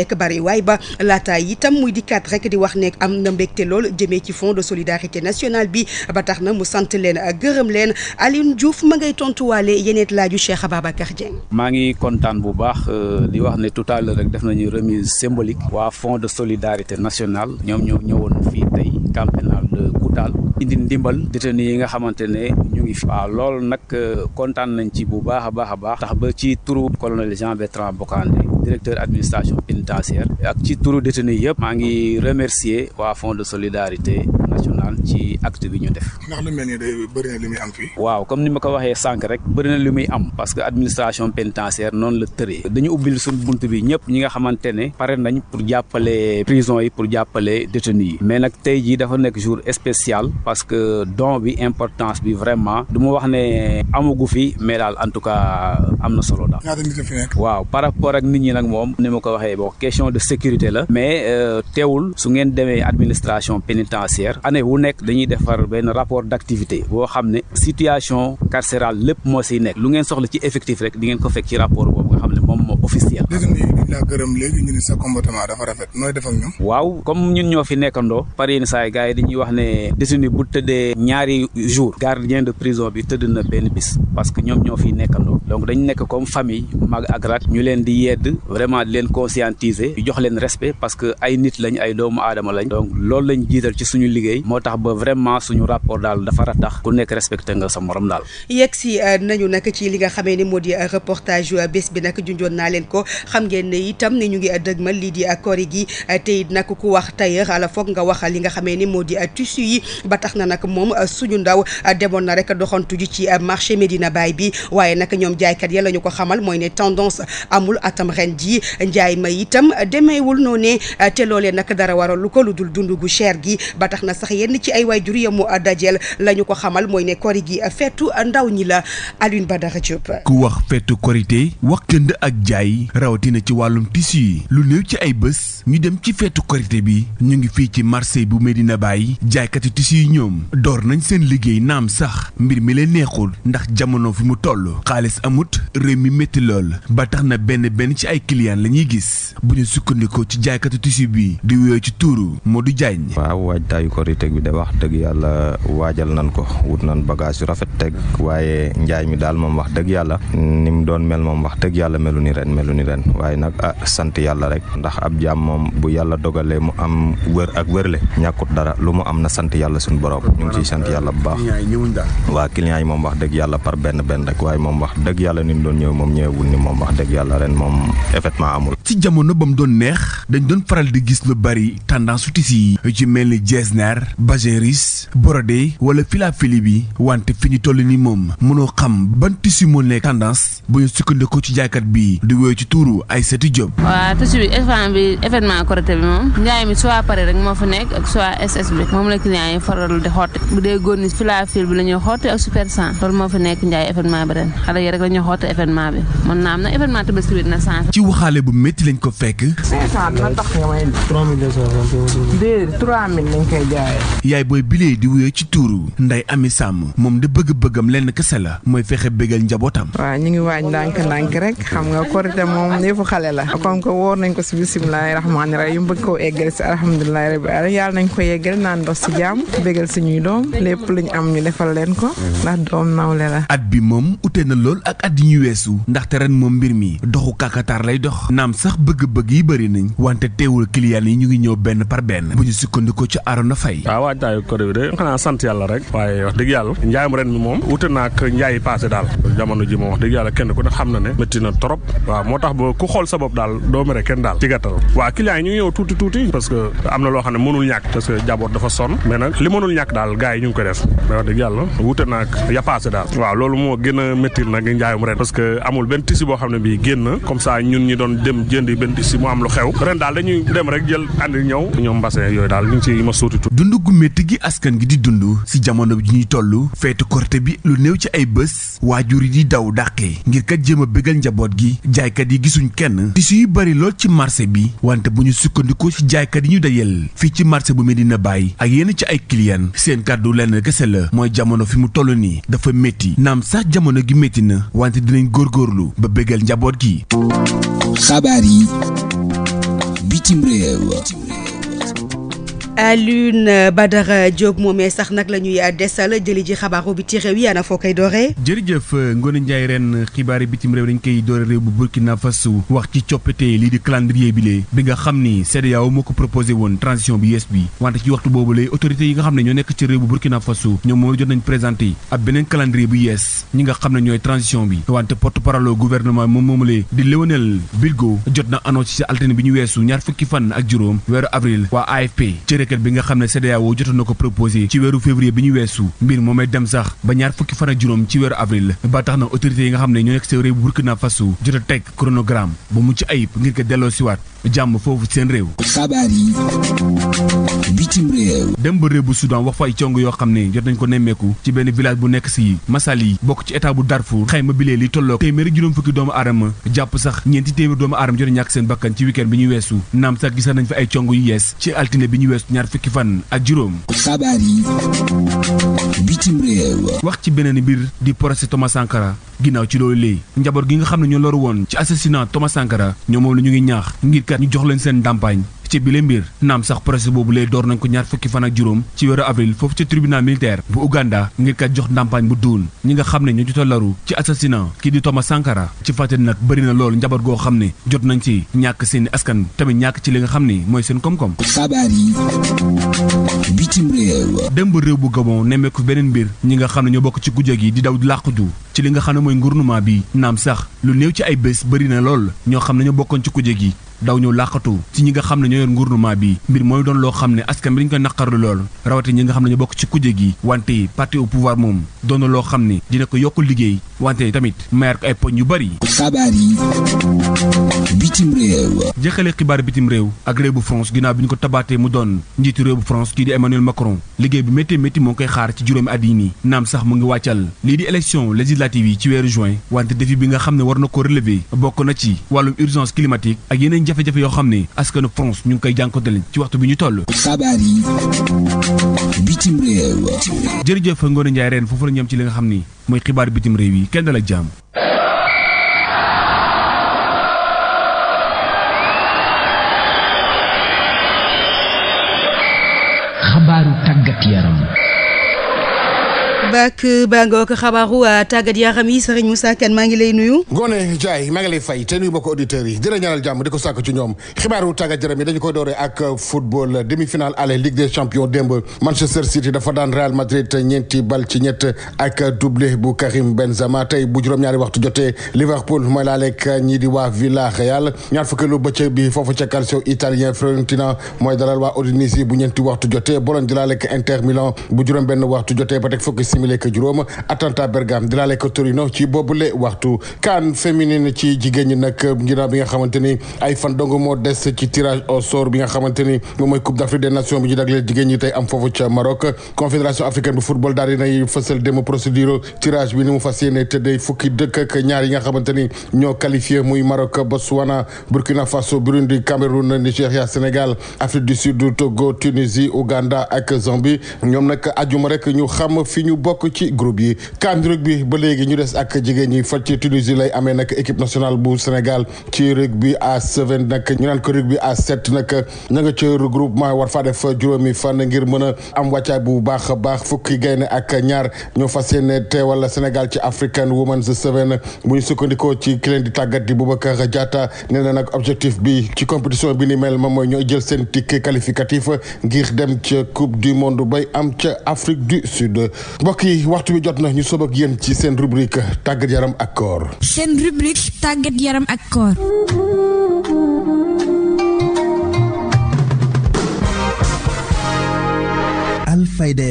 beek bari waay ba laata yitam muy dikkaat rek di wax nekk am na mbégte lool jëmee ci fonds de solidarité nationale bi ba tax na mu sant leen gërëm leen Alioune Diouf ma ngay tontuwaale yeneet laaju Cheikh Ababacar Dieng. maa ngi kontaan bu baax euh, di wax ne tout à rek def nañu remise symbolique waa fonds de solidarité nationale ñoom ñoo ñëwoon fii tey campagne pénal de Koutal indi ndimbal détenu yi nga xamante ne ñu ngi fi waaw loolu nag euh, kontaan nañ ci bu baax a baax a baax tax ba ci turu colonel Jean Bertrand Bocandé directeur administration pénitentiaire ak ci turu détenu yëpp maa ngi remercier waa Fonds de solidarité nationale ci acte bi ñu def. ndax lu mel ni day bëri li muy am fii. waaw comme ni ma ko waxee sànq rek bëri na li muy am parce que administration pénitentiaire noonu la tëree dañu ubbil suñ bunt bi ñëpp ñi nga xamante ne pare nañ pour jàppale prison yi pour jàppale détenu yi mais nag jour spécial parce que don bi importance bi vraiment du ma wax ne amagu fi mais daal en tout cas am na solo daal. waaw par rapport ak nit ñi nag moom ni ma ko waxee bon question de sécurité la mais euh, teewul su ngeen demee administration pénitentiaire année wu nekk dañuy defar benn rapport d' boo xam ne situation carcérale lépp moo siy nekk lu ngeen soxla ci effectif rek di ko fekk ci rapport boobu nga xam ne officiel. désormais di la gërëm léegi ñu ne sa comportement dafa rafet nooy def ak ñoom. waaw comme ñun ñoo fi nekkandoo par yenn saa yi gars yi dañuy wax ne détenu bu tëddee ñaari jour gardien de prison bi tëdd na benn bis parce que ñoom ñoo fi nekkandoo donc dañ nekk comme famille mag ak ñu leen di yedd vraiment leen conscientiser ñu jox leen respect parce que ay nit lañ ay doomu aadama lañ donc loolu lañ jiital ci suñu liggéey moo tax ba vraiment suñu rapport daal dafa ratax ku nekk respecté nga sa morom daal. yegg si euh, nañu nag ci li leen ko xam ngeen ne itam ne ñu ngi dëgmal lii di ak kori gi tey it nag ku wax tailleur ala foog nga wax li nga xamee ni moo di tissu yi ba tax na nag moom suñu ndaw demoon na rek doxantu ci marché Medina Baye bi waaye nag ñoom jaaykat ya la ñu ko xamal mooy ne tendance amul atam ren ji njaay ma itam demewul noo ne te loole nag dara waral lu ko lu dul dund gu cher gi ba tax na sax yenn ci ay waajur ya mu dajeel lañu ko xamal mooy ne kori gi fetu ndaw ñi la Alioune Badara Diop. ku wax fetu korité wax jënd ak jaay yi rawatina ci wàllum tissu yi lu néew ci ay bés ñu dem ci feetu korité bi ñu ngi fii ci marché bu Medina bàyyi jaaykati tissu yi ñoom door nañ seen liggéey naam sax mbir mi leen neexul ndax jamono fi mu toll xaalis amut réew mi métti lool ba tax na benn benn ci ay client la ñuy gis bu ñu sukkandikoo ci jaaykati tissu bi di wéyoo ci tuuru moo Modou Diagne. waaw waajtaayu korité bi de wax dëgg yàlla waajal nañ ko wut nañ bagage yu rafet teg waaye njaay mi daal moom wax dëgg yàlla ni mu doon mel moom wax dëgg yàlla melu ni ren melu ni ren waaye nag a ah, sant yàlla rek ndax ab jaam moom bu yàlla dogalee mu am wër ak le ñàkkut dara lu mu am na sant yàlla suñu borom ñu ngi ciy sant yàlla bu baax waa client yi moom wax dëgg yàlla par benn benn rek waaye moom wax dëgg yàlla ni doon ñëw moom ñëwul ni moom wax dëgg yàlla ren moom effectivement amul ci jamono ba mu doon neex dañ doon faral di gis lu bari tendance su tissu yi yu ci mel ni Getzner Bageris brodé wala filafili bi wante fi ñu toll ni moom mënoo xam ban tissu moo nekk tendance bu ñu sukkandiku ci jaaykat bi di wéy ci tuuru Aïssatou Diop. waaw tissu bi événement bi événement bi moom njaay mi soit pare rek moo fa nekk ak soit SS bi moom la client faral di xotti bu dee góor ñi bi la xotti ak super 100 loolu moo fa nekk njaay événement ñaata lañ ko fekk. 500 dina tax nga may 3200. déedéet 3000 lañ koy jaayee. yaay booy bilee di wuyoo ci tuuru Ndeye Amy Samb moom da bëgg-bëggam lenn kese la mooy fexe bégal njabootam. waaw ñu ngi waaj ndànk-ndànk rek xam nga korite moom yëfu xale la comme que woor nañ ko si bisimilahi rahmaani rahim bëgg koo eggal si alhamdulilahi rabbi alamin yal nañ ko yeggal naan ndox si jàmm bégal suñuy doom lépp luñ am ñu defal leen ko ndax doom nawle la. at bi moom ute na lool ak at yi ñu weesu ndaxte ren moom mbir mi doxu kakatar lay sax bëgg-bëgg yi bëri ñu ngi ñëw benn par benn bu ñu sukkandikoo ci Arona Faye waaw waajtaayu Korité bi de jamono ji moom wax dëgg yàlla kenn ku ne xam na yi ñu ngi ñëw tuuti tuuti parce que am na loo xam ne mënul ñàkk parce que jaboot dafa sonn mais li mënul ñàkk daal gars yi ñu ngi ko def wax dëgg yàlla wute naak ya passé daal waaw loolu moo gën a nag njaayam ren parce que amul benn tissu boo xam ne bii génn comme ça ñun ñi doon dem jëndi benn si mu am lu xew ren daal dañuy dem dund gu métti gi askan gi di dund si jamono ji ñuy tollu feetu korte bi lu néew ci ay bés waajur yi di daw dàqee ngir kat jéem a bégal njaboot gi jaaykat yi gisuñ kenn tissu yu bari lool ci marché bi wante bu ñu sukkandiku ci jaaykat yi ñu dajeel fii ci marché bu Medina Baye ak yenn ci ay clients seen kàddu lenn kese la mooy jamono fi mu toll nii dafa métti naam sax jamono gi métti na wante dinañ góorlu ba bégal njaboot gi xibaar yi bitim réew Alioune euh, Badara Diop moomee sax nag la ñuy euh, desal jëli ji xabaaru bi ci réew yi ana foo koy dooree. jërëjëf euh, Ngoné Ndiaye ren xibaar yi bitim réew dañ koy doore réew bu Burkina Faso wax ci coppite lii di calendrier bi lee bi nga xam ni CEDEAO moo ko proposé woon transition bi yees bi wante ci waxtu boobu lee autorités yi nga xam ne ñoo nekk ci réew bu Burkina Faso ñoom moom jot nañ présenté ab beneen calendrier bu yees ñi nga xam ne ñooy transition bi wante porte-parole gouvernement moom moomu lee di Léonel Bilgo jot na annoncé ci altine bi fukki fan ak enquête bi nga xam ne CEDEAO jotoon na ko proposé ci weeru février bi ñu weesu mbir moomay dem sax ba ñaar fukki fan na réew ko bu Soudan wax fa ay cong yoo xam ne jot nañ ko nemmeeku ci benn village bu nekk si Massaly bokk ci état bu Darfour xayma bi lee li tolloo téeméeri juróom fukki doomu aadama jàpp sax ñeenti téeméer doomu aadama jot a ñàkk seen bakkan ci week bi ñu weesu naam sax gisaat nañ fa ay cong yu yees ci altine bi ñu weesu ñaar fukki fan ak juróom. xabaar yi bitim réew. wax ci beneen biir di procès Thomas Sankara ginnaaw ci loolu léegi njaboot gi nga xam ne ñu loru woon ci assassinat Thomas Sankara ñoom moom la ñu ngi ñaax ngir kat ñu jox leen seen ndàmpaañ. ci bile mbir naam sax procès boobu lay door nañ ko ñaar fukki fan ak juróom ci weeru avril foofu ci tribunal militaire bu Uganda ngir kat jox ndàmpaañ bu duun ñi nga xam ne ñoo jota laru ci assassinat kii di Thomas Sankara ci fàttali nag bëri na loolu njaboot goo xam ne jot nañ ci ñàkk seen askan tamit ñàkk ci li nga xam ne mooy seen koom-koom xabaar yi bitim réew dem réew bu Gabon nemmeeku beneen mbir ñi nga xam ne ñoo bokk ci gujje gi di daw làqatu ci li nga xam ne mooy gouvernement bi naam sax lu néew ci ay bés bëri na lool ñoo xam ne ñoo bokkoon ci kuje gi daw ñëw làqatu ci ñi nga xam ne ñoo yor gouvernement bi mbir mooy doon loo xam ne askan bi dañ koy naqarlu lool rawati ñi nga xam ne ñu bokk ci kujje gi wante parti au pouvoir moom doon loo xam ne dina ko yokk liggéey wante tamit mayaat ko ay poñ yu bari xabaar yi bitim réew. jeexale xibaar bitim réew ak réew bu France ginnaaw bi ñu ko tabaatee mu doon njiitu réew bu France kii di Emmanuel Macron liggéey bu métti métti moo koy xaar ci juróomi at yi nii naam sax mu ngi wàccal lii di élection législative yi ci weeru juin wante défi bi nga xam ne war na ko relever bokk na ci wàllum urgence climatique ak yeneen jafe yoo xam ne askanu France ñu ngi koy jànkonteel ci waxtu bi ñu toll. xabaar yi bitim réew. foofu la ñoom ci li nga xam ni mooy xibaar bitim réew yi kenn dal ak jàmm. Baak baa ngoog xabaaru ah, tàggat yaram yi Serigne Moussa Kane maa ngi lay nuyu. Ngoné Ndiaye maa ngi lay fay te nuyu mbokki auditeurs yi jërë ñaanal jàmm di ko sàkk ci ñoom xibaaru tàggat yaram yi dañu ko dooree ak football demi-finale aller Ligue des champions démb Manchester City dafa daan Real Madrid ñeenti bal ci ñett ak doublé bu Karim Benzema tey bu juróom-ñaari waxtu jotee Liverpool mooy laaleeg ñii di waa Villarreal ñaar fukkeelu bëccëg bi foofu ca calcio italien Fiorentina mooy dalal waa Udinese bu ñeenti waxtu jotee Bologne di laaleeg Inter Milan bu juróom-benn waxtu jotee tàmbaleeg juróom Atalanta Bergame di laaleeg Torino ci boobule waxtu CAN féminine ci jigéen ñi nag ginnaaw bi nga xamante ay fan dong moo des ci tirage au bi nga xamante mooy Coupe d'Afrique des Nations bi ñu jagleel jigéen ñi tey am foofu ca Maroc Confédération africaine bu football daal dinay fësal dem procédure tirage bi ni mu fas yéene tëddee fukki dëkk ak ñaar yi nga xamante ñoo qualifié muy Maroc Botswana Burkina Faso Burundi Cameroun Nigéria bokk ci groupe yi CAN rugby ba léegi ñu des ak jigéen ñi fa ci Tunisie lay amee nag équipe nationale bu Sénégal ci rugby à seven nag ñu naan ko rugby à sept nag ña nga ci regroupement war faa def juróomi fan ngir mën a am wàccaay bu baax a baax fukki gaynde ak ñaar ñoo fas yéene wala Sénégal ci African Women's Seven bu ñu sukkandikoo ci ki di tàggat di Boubacar jaata nee na nag objectif bi ci compétition bi ni mel moom mooy ñoo jël seen ticket qualificatif ngir dem ca coupe du monde bay am ca Afrique du kii waxtu wi jot na ñu soob ak yéen ci seen rubrique tàggat yaram ak koor. seen rubrique tàggat yaram ak koor. Alfayda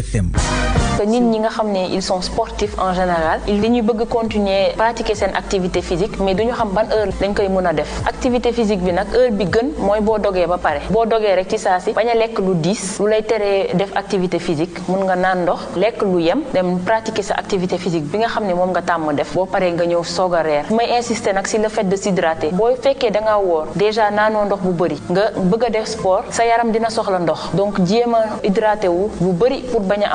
que nit ñi nga xam ne ils sont sportifs en général dañuy bëgg continuer pratiquer seen activité physique mais duñu xam ban heure lañ koy mën a def activité physique bi nag heure bi gën mooy boo dogee ba pare boo dogee rek ci saa si bañ a lekk lu diis lu lay tere def activité physique mun nga naan ndox lekk lu yem dem pratiquer sa activité physique bi nga xam ne moom nga tàmm def boo paree nga ñëw soog a reer may insister nag si le fait de s'hydrater boo fekkee da woor déjà naanoo ndox bu bëri nga bëgg a def sport sa yaram dina soxla ndox a hydrater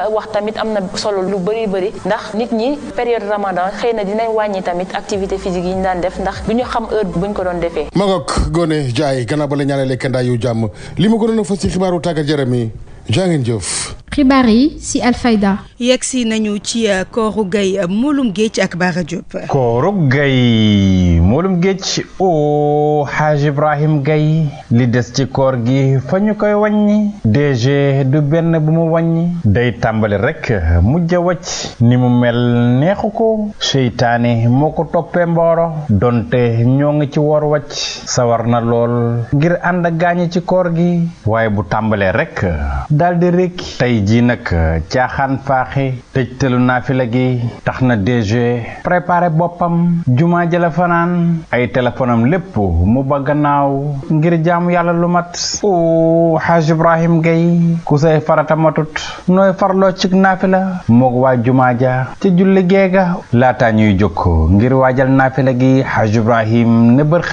nga wax tamit am na solo lu bëri bëri ndax nit ñi période ramadan xëy na dinañ wàññi tamit activité physique yi ñu daan def ndax du ñu xam heure buñ ko doon defee magok Gone Jaay gannaaw ba la ñaanalee yu jàmm li ma gënoon a fas ci xibaaru tàggat yaram yi jaa ngeen jëf xibaar yi ci Alfayda. yegsi nañu ci euh, kooru gay euh, Mouloum Géej ak Bara Diop. kooru gay Mouloum Géej o Haaj Ibrahim Gay li des ci koor gi fa ñu koy wàññi DG du benn bu mu wàññi day tàmbali rek mujj wacc ni mu mel neexu ko seytaane moo ko toppee mbooro donte ñoo ngi ci woor wacc sawar na lool ngir ànd ak ci koor gi waaye bu tàmbalee rekk daldi rekki tey tey jii nag euh, caaxaan faaxi tëjtalu naafila gi tax na DG préparé boppam jumaa jëla fanaan ay téléphonam lépp mu ba gannaaw ngir jaamu yàlla lu mat o xaaj Ibrahim Gaye ku say farata matut nooy farloo cig naafila moog waa jumaa ja ci julli geega laataa ñuy jóg ngir waajal naafila gi xaaj Ibrahim ne bër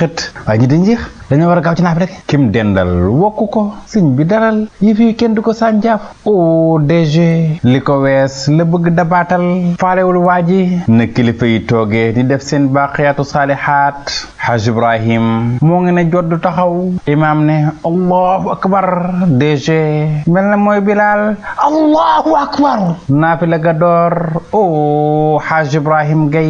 waa ñi di njiix dañoo war a gaaw ci naaf rek kim dendal wokk ko siñ bi daral yëf fi kenn du ko sànjaaf o DG li ko wees la bëgg dabaatal faalewul waa ji na kilifa yi toogee di def seen baaxiyaatu saalihaat Haj Ibrahim moo ngi ne jodd taxaw imaam ne allahu akbar DG mel na mooy Bilal allahu akbar naafila ga door o oh, Haj Ibrahim gay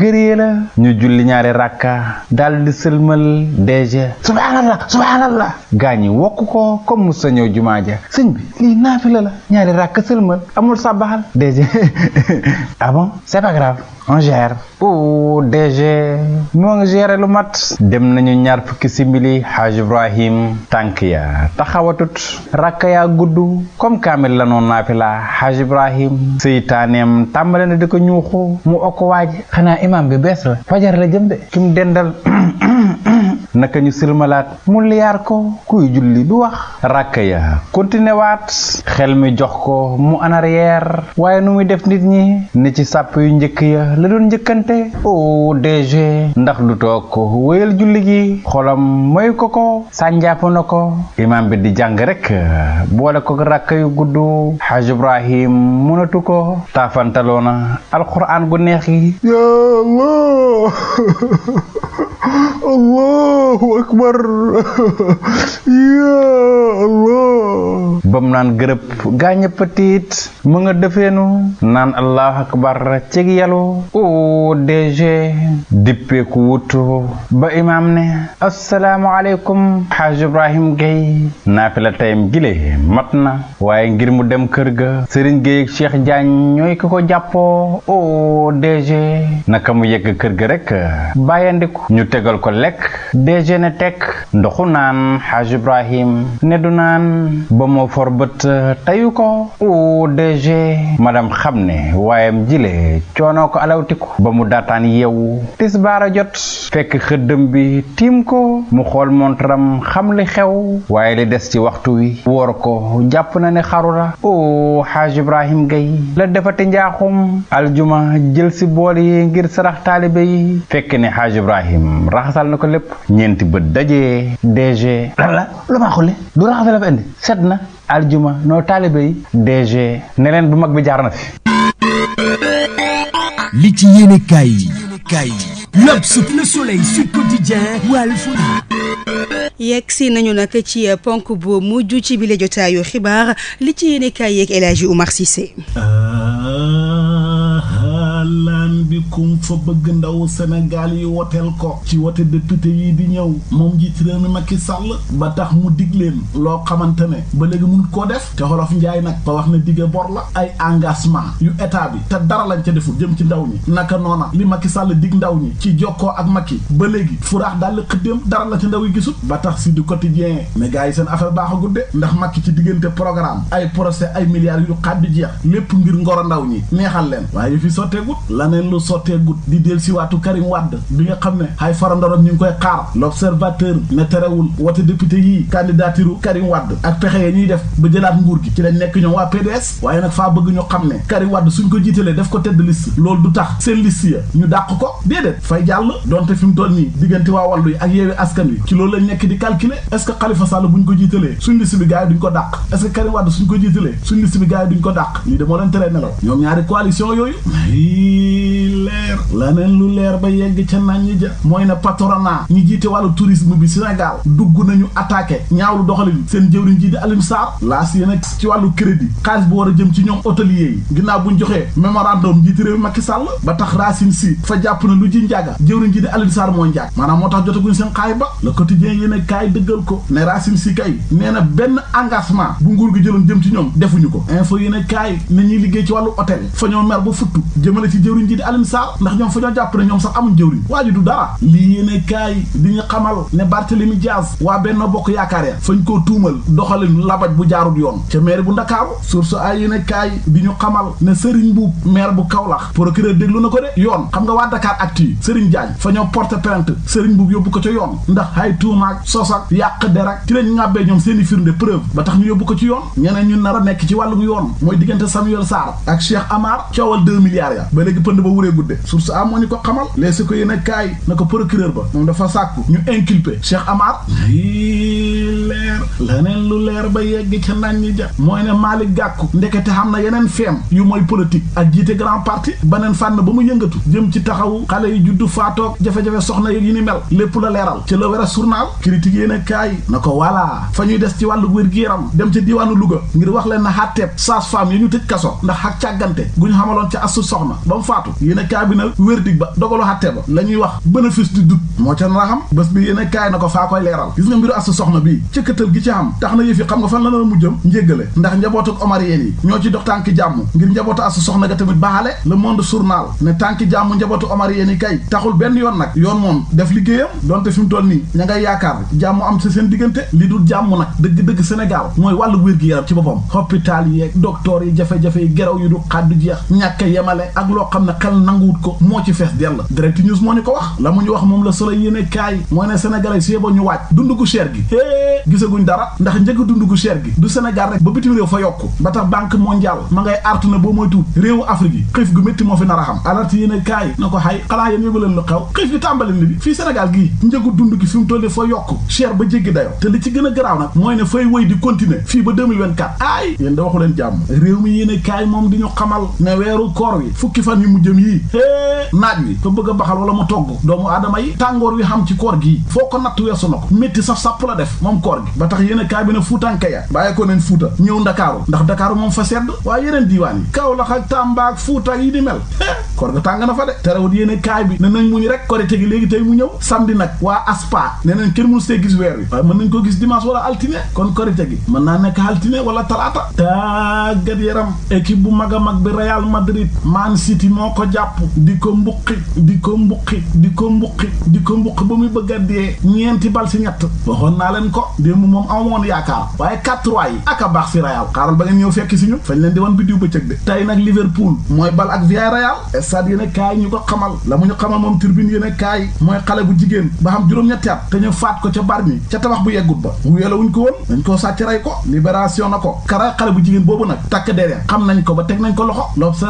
gëree la ñu julli ñaari rakka daal di sëlmal DG subhanallah subhanallah gaa ko comme mu sa ñëw jumaa ja sëñ lii naafila la ñaari rakka sëlmal amul sabaxal DG ah bon c'est pas grave on gère o DG moo ngi lu mat dem nañu ñaar fukki simili Haaj Ibrahim tànk ya taxawatut rakka yaa gudd comme kaamil la noonu naafila Haaj Ibrahim seytaaneem tàmbale na di ko ñuuxu mu okk waaj xanaa imaam bi bees la fajar la kim dendal naka ñu silmalaat mu liyaar ko kuy julli du wax ràkk ya continué waat xel mi jox ko mu en arrière waaye nu muy def nit ñi ne ci sàpp yu njëkk ya la doon njëkkante o oh, DG ndax du toog ko wéyal julli gi xolam mooy ko ko sànjàpp na ko imaam bi di jàng rek boole ko ràkk yu gudd xaaj Ibrahim mënatu ko taafantaloo na alxuraan gu neex yi ya Allah allahu ba mu naan gërëb gaañ petit mu nga defeenu naan allahu akbar cig yalu o DG dippeeku wutu ba imaam ne assalaamu aleykum xaaj ibrahim Gueye naafila tayam gile mat na waaye ngir mu dem kër ga sëriñ Gueye ak Cheikh Diagne ko jàppoo o na naka mu yegg kër ga rek bàyyandiku ñu tegal ko lekk déjeuner teg ndoxu naan xaaj ibrahim ne du naan ba moo for bët teyu ko o DG madam xam ne waayam jile coonoo ko alawtiku ba mu daataan yeewu tisbaar jot fekk xëddëm bi tiim ko mu xool montaram xam li xew waaye li des ci waxtu wi woor ko jàpp na ne xaru la o xaaj ibrahim gay la defati njaaxum aljuma jël si bool yi ngir sarax taalibe yi fekk ne xaaj ibrahim raxasal na ko lépp ñeenti bët dajee DG lan la loo maa xulli du raxafe la fa indi set na aljuma noo taalibe yi DG ne leen bu mag bi jaar fi li ci yéene kaay yi kaay yi L'Obs, Le Soleil, Sud Quotidien, Walf yegg si nañu nag ci ponk bu mujj ci bile jotaayu xibaar li ci yéene kaay yeeg El Hadji Oumar àllaan bikum fa bëgg ndaw Sénégal yi woteel ko ci wote député yi di ñëw moom njiit réew mi makki Sall ba tax mu dig leen loo xamante ne ba léegi mënut koo def te xolof njaay nag ba wax ne dige bor la ay engagement yu état bi te dara lañ ca deful jëm ci ndaw ñi naka noona li Macky Sall dig ndaw ñi ci jokkoo ak Macky ba léegi furaax daal xëddéem dara la ca ndaw yi gisul ba tax si du quotidien mais gars yi seen affaire baax a gudde ndax Macky ci diggante programme ay procès ay milliards yu xàddu jeex lépp ngir ngoro ndaw ñi laneen lu sotteegut di del siwaatu Karim Wade bi nga xam ne ay farandorom ñu ngi koy xaar l'observateur ne terewul wote député yii candidaturu Karim Wade ak pexe ya ñuy def ba jëlaat nguur gi ci lañ nekk ñoom waa PDS waaye nag faa bëgg ñu xam ne Karim Wade suñ ko jiitalee def ko tedd liste lool du tax seen liste ya ñu dàq ko déedéet fay jàll donte fi mu toll nii diggante waa wàllu yi ak yeewi askan wi ci loolu lañ nekk di calculer est ce que Khalifa Sall buñ ko jiitalee suñ liste bi gars yi duñ ko dàq est ce que Karim Wade suñ ko jiitalee suñ yooyu lii leer laneen lu leer ba yegg ca naan ñi ja mooy na patronat ñi jiite wàllu tourisme bi Sénégal dugg nañu attaqué ñaawlu doxalin seen jëwriñ ji di Alioune Sarr laas yéen a ci wàllu crédit xaalis bu war a jëm ci ñoom hôteliers yi ginnaaw buñ joxee mémorandum njiiti réew Macky Sall ba tax Racine si fa jàpp na lu ji njàgga jëwriñ ji di Alioune Sarr moo njàgg maanaam moo tax jotaguñ seen xaay ba le quotidien yéen a kaay dëggal ko ne Racine Sy kay nee benn engagement bu nguur gi jëloon jëm ci ñoom defuñu ko info yéen a kaay nañuy liggéey ci wàllu hôtel fa ñoo jàppale ci jëwriñ ji di Alioune Sarr ndax ñoom fa ñoo jàpp ne ñoom sax amuñ jëwriñ waa ji du dara lii yéene kaay di ñu xamal ne Barthélemy Diaz waa Benno Bokk Yaakaar ya fañ koo tuumal doxalin labaj bu jaarul yoon ca maire bu Ndakaaru source ay yéene kaay di ñu xamal ne Serigne Mboup maire bu Kaolack procureur déglu na ko de yoon xam nga waa Dakar Actu Serigne Diagne fa ñoo porter plainte Serigne Mboup yóbbu ko ca yoon ndax ay tuumaak sos ak yàq der ak ci lañ ñàbbee ñoom seen i tax ñu yóbbu ko ci yoon ñeneen ñu nar nekk ci wàllu yoon mooy diggante Samuel Sarr ak Cheikh Amar coowal deux milliards ya ba léegi pënd ba wuree gudde source a amoon ñu ko xamal leesi ko yéen a kaay na ko procureur ba moom dafa sàkku ñu inculpé Cheikh Amar leer leneen lu leer ba yegg ca naan ñi ja mooy ne Malick Gakou ndekete xam na yeneen feem yu mooy politique ak jiite grand parti beneen fànn ba mu yëngatu jëm ci taxawu xale yi juddu faatoog jafe-jafe soxna yi ni mel lépp la leeral ci la wér journal critique yéen a kaay na ko voilà fa ñuy des ci wàllu wér-gu-yaram dem ca diwaanu Louga ngir wax leen na xàtteeb sage-femme yi ñu tëj kaso ndax ak càggante gu ñu xamaloon ca asu soxna ba mu faatu yéen a kaay bi na wérdig ba dogalu xatte ba la ñuy wax bénéfice du doute moo ca nar a bés bi yéen kaay na ko faa koy leeral gis nga mbiru astu soxna bii cëkkatal gi ci am tax na yëf yi xam nga fan la na mujjëm njéggale ndax njabootu Omar yéen yi ñoo ci dox tànki jàmm ngir njabootu astu soxna ga tamit baaxale le monde journal ne tànki jàmm njabootu Omar yéen yi kay taxul benn yoon nag yoon moom def liggéeyam donte fi mu toll nii ña ngay yaakaar jàmm am sa seen diggante li dul jàmm nag dëgg-dëgg Sénégal mooy wàllu wér gi yaram ci boppam hôpital yi docteur yi jafe-jafe yi du xaddu jeex ñàkk yemale ak loo xam ne xel nanguwut ko moo ci fees dell direct news moo ñu ko wax la mu ñu wax moom la solo yéene kaay mooy ne sénégalais si ba ñu waaj dund gu cher gi é gisaguñ dara ndax njëg dund gu cher gi du Sénégal rek ba bitim réew fa yokk ba tax banque mondiale ma ngay artu na boo mooy tuut réewu Afrique yi xiif gu métti moo fi nar a xam alerte yéene kaay na ko xay xalaa yéen yëgu leen lu xew xiif gi tàmbali ni bi fii Sénégal gii njëgu dund gi fi mu tolli fa yokk cher ba jéggi dayo li ci gën a garaaw nag mooy ne fay wëy di continuer fii ba 2024 aay yéen da waxu leen jàmm réew mi fan yu mu jëm yii naaj wi fa bëgg a baxal wala mu togg doomu aadama yi tàngoor wi xam ci koor gi foo ko natt weesu na ko métti saf sàpp la def moom koor gi ba tax yéen kaay bi ne fuutanka ya bàyyi ko nañ fuuta ñëw ndakaaru ndax ndakaaru moom fa sedd waa yeneen diiwaan yi Kaolack ak Tamba ak Fuuta yi di mel koor ga tàng na fa de terewut yéen kaay bi ne nañ muñ rek korite gi léegi tey mu ñëw samedi nag waa aspa ne nañ kenn mënu see gis weer wi waaye mën nañ ko gis dimanche wala altine kon korite gi mën naa nekk altine wala talaata tàggat yaram équipe bu mag a mag bi Real Madrid Man siti moo ko jàpp di ko mbuqi di ko mbuqi di ko mbuqi di ko mbuqi ba muy bëgg a dee ñeenti bal si ñett waxoon naa leen ko démb moom amoon yaakaar waaye 4-3 yi ak a baax si Real xaaral ba ngeen ñëw fekk si ñu fañ leen di wan biddiw bëccëg de tey nag Liverpool mooy bal ak Villarreal stade yéen a kaay ñu ko xamal la mu ñu xamal moom tribune yéen a kaay mooy xale bu jigéen ba xam juróom-ñetti at te ñu faat ko ca Bargny ca tabax bu yeggut ba mu yela wuñ ko woon dañ koo sàcc rey ko libération na ko kara xale bu jigéen boobu nag takk derrière xam nañ ko ba teg nañ ko loxo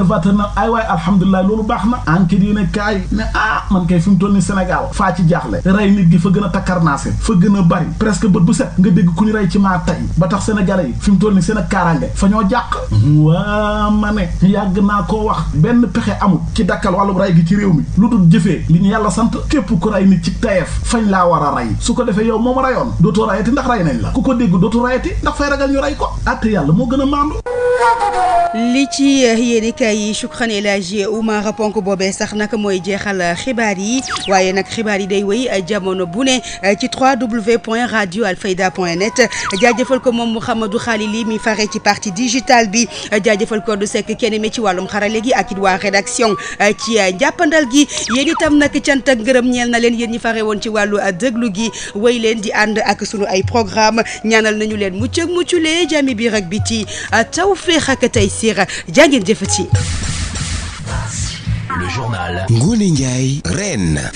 alhamdulilah loolu baax na enquête yi ne kaay ne ah man kay fi toll ni Sénégal faa ci jaaxle rey nit gi fa gën a takkarnaase fa gën a bari presque bët bu set nga dégg ku ñu rey ci maa tay ba tax Sénégalais yi fi toll ni seen a kaaraange fa ma ne yàgg naa koo wax benn pexe amul ci dakkal wàllu rey gi ci réew mi lu dul jëfee li ñu yàlla képp ku rey nit ci laa war a rey su ko defee yow moom rayoon dootoo rayati ndax rey nañ la ku ko ko atte yàlla moo gën a maandu li ci yéeni kay yi Elhadji Oumar Ponk boobee sax nag mooy jeexal xibaar yi waaye nag xibaar yi day wéy jamono bu ne ci 3w point radio alfayda point net jaajëfal ko moom Mouhamadou Khalili mi fare ci partie digitale bi jaajëfal ko du sekk kenn mi ci wàllum xarale gi ak it waa rédaction ci jàppandal gi yéen itam nag cant ak ñeel na leen yéen ñi fare woon ci wàllu déglu gi wéy leen di ànd ak sunu ay programme ñaanal nañu leen mucc ak mucculee jàmmi biir ak biti feex ak tey siir jaa ngeen jëfati Le journal Ngoné Ndiaye Reine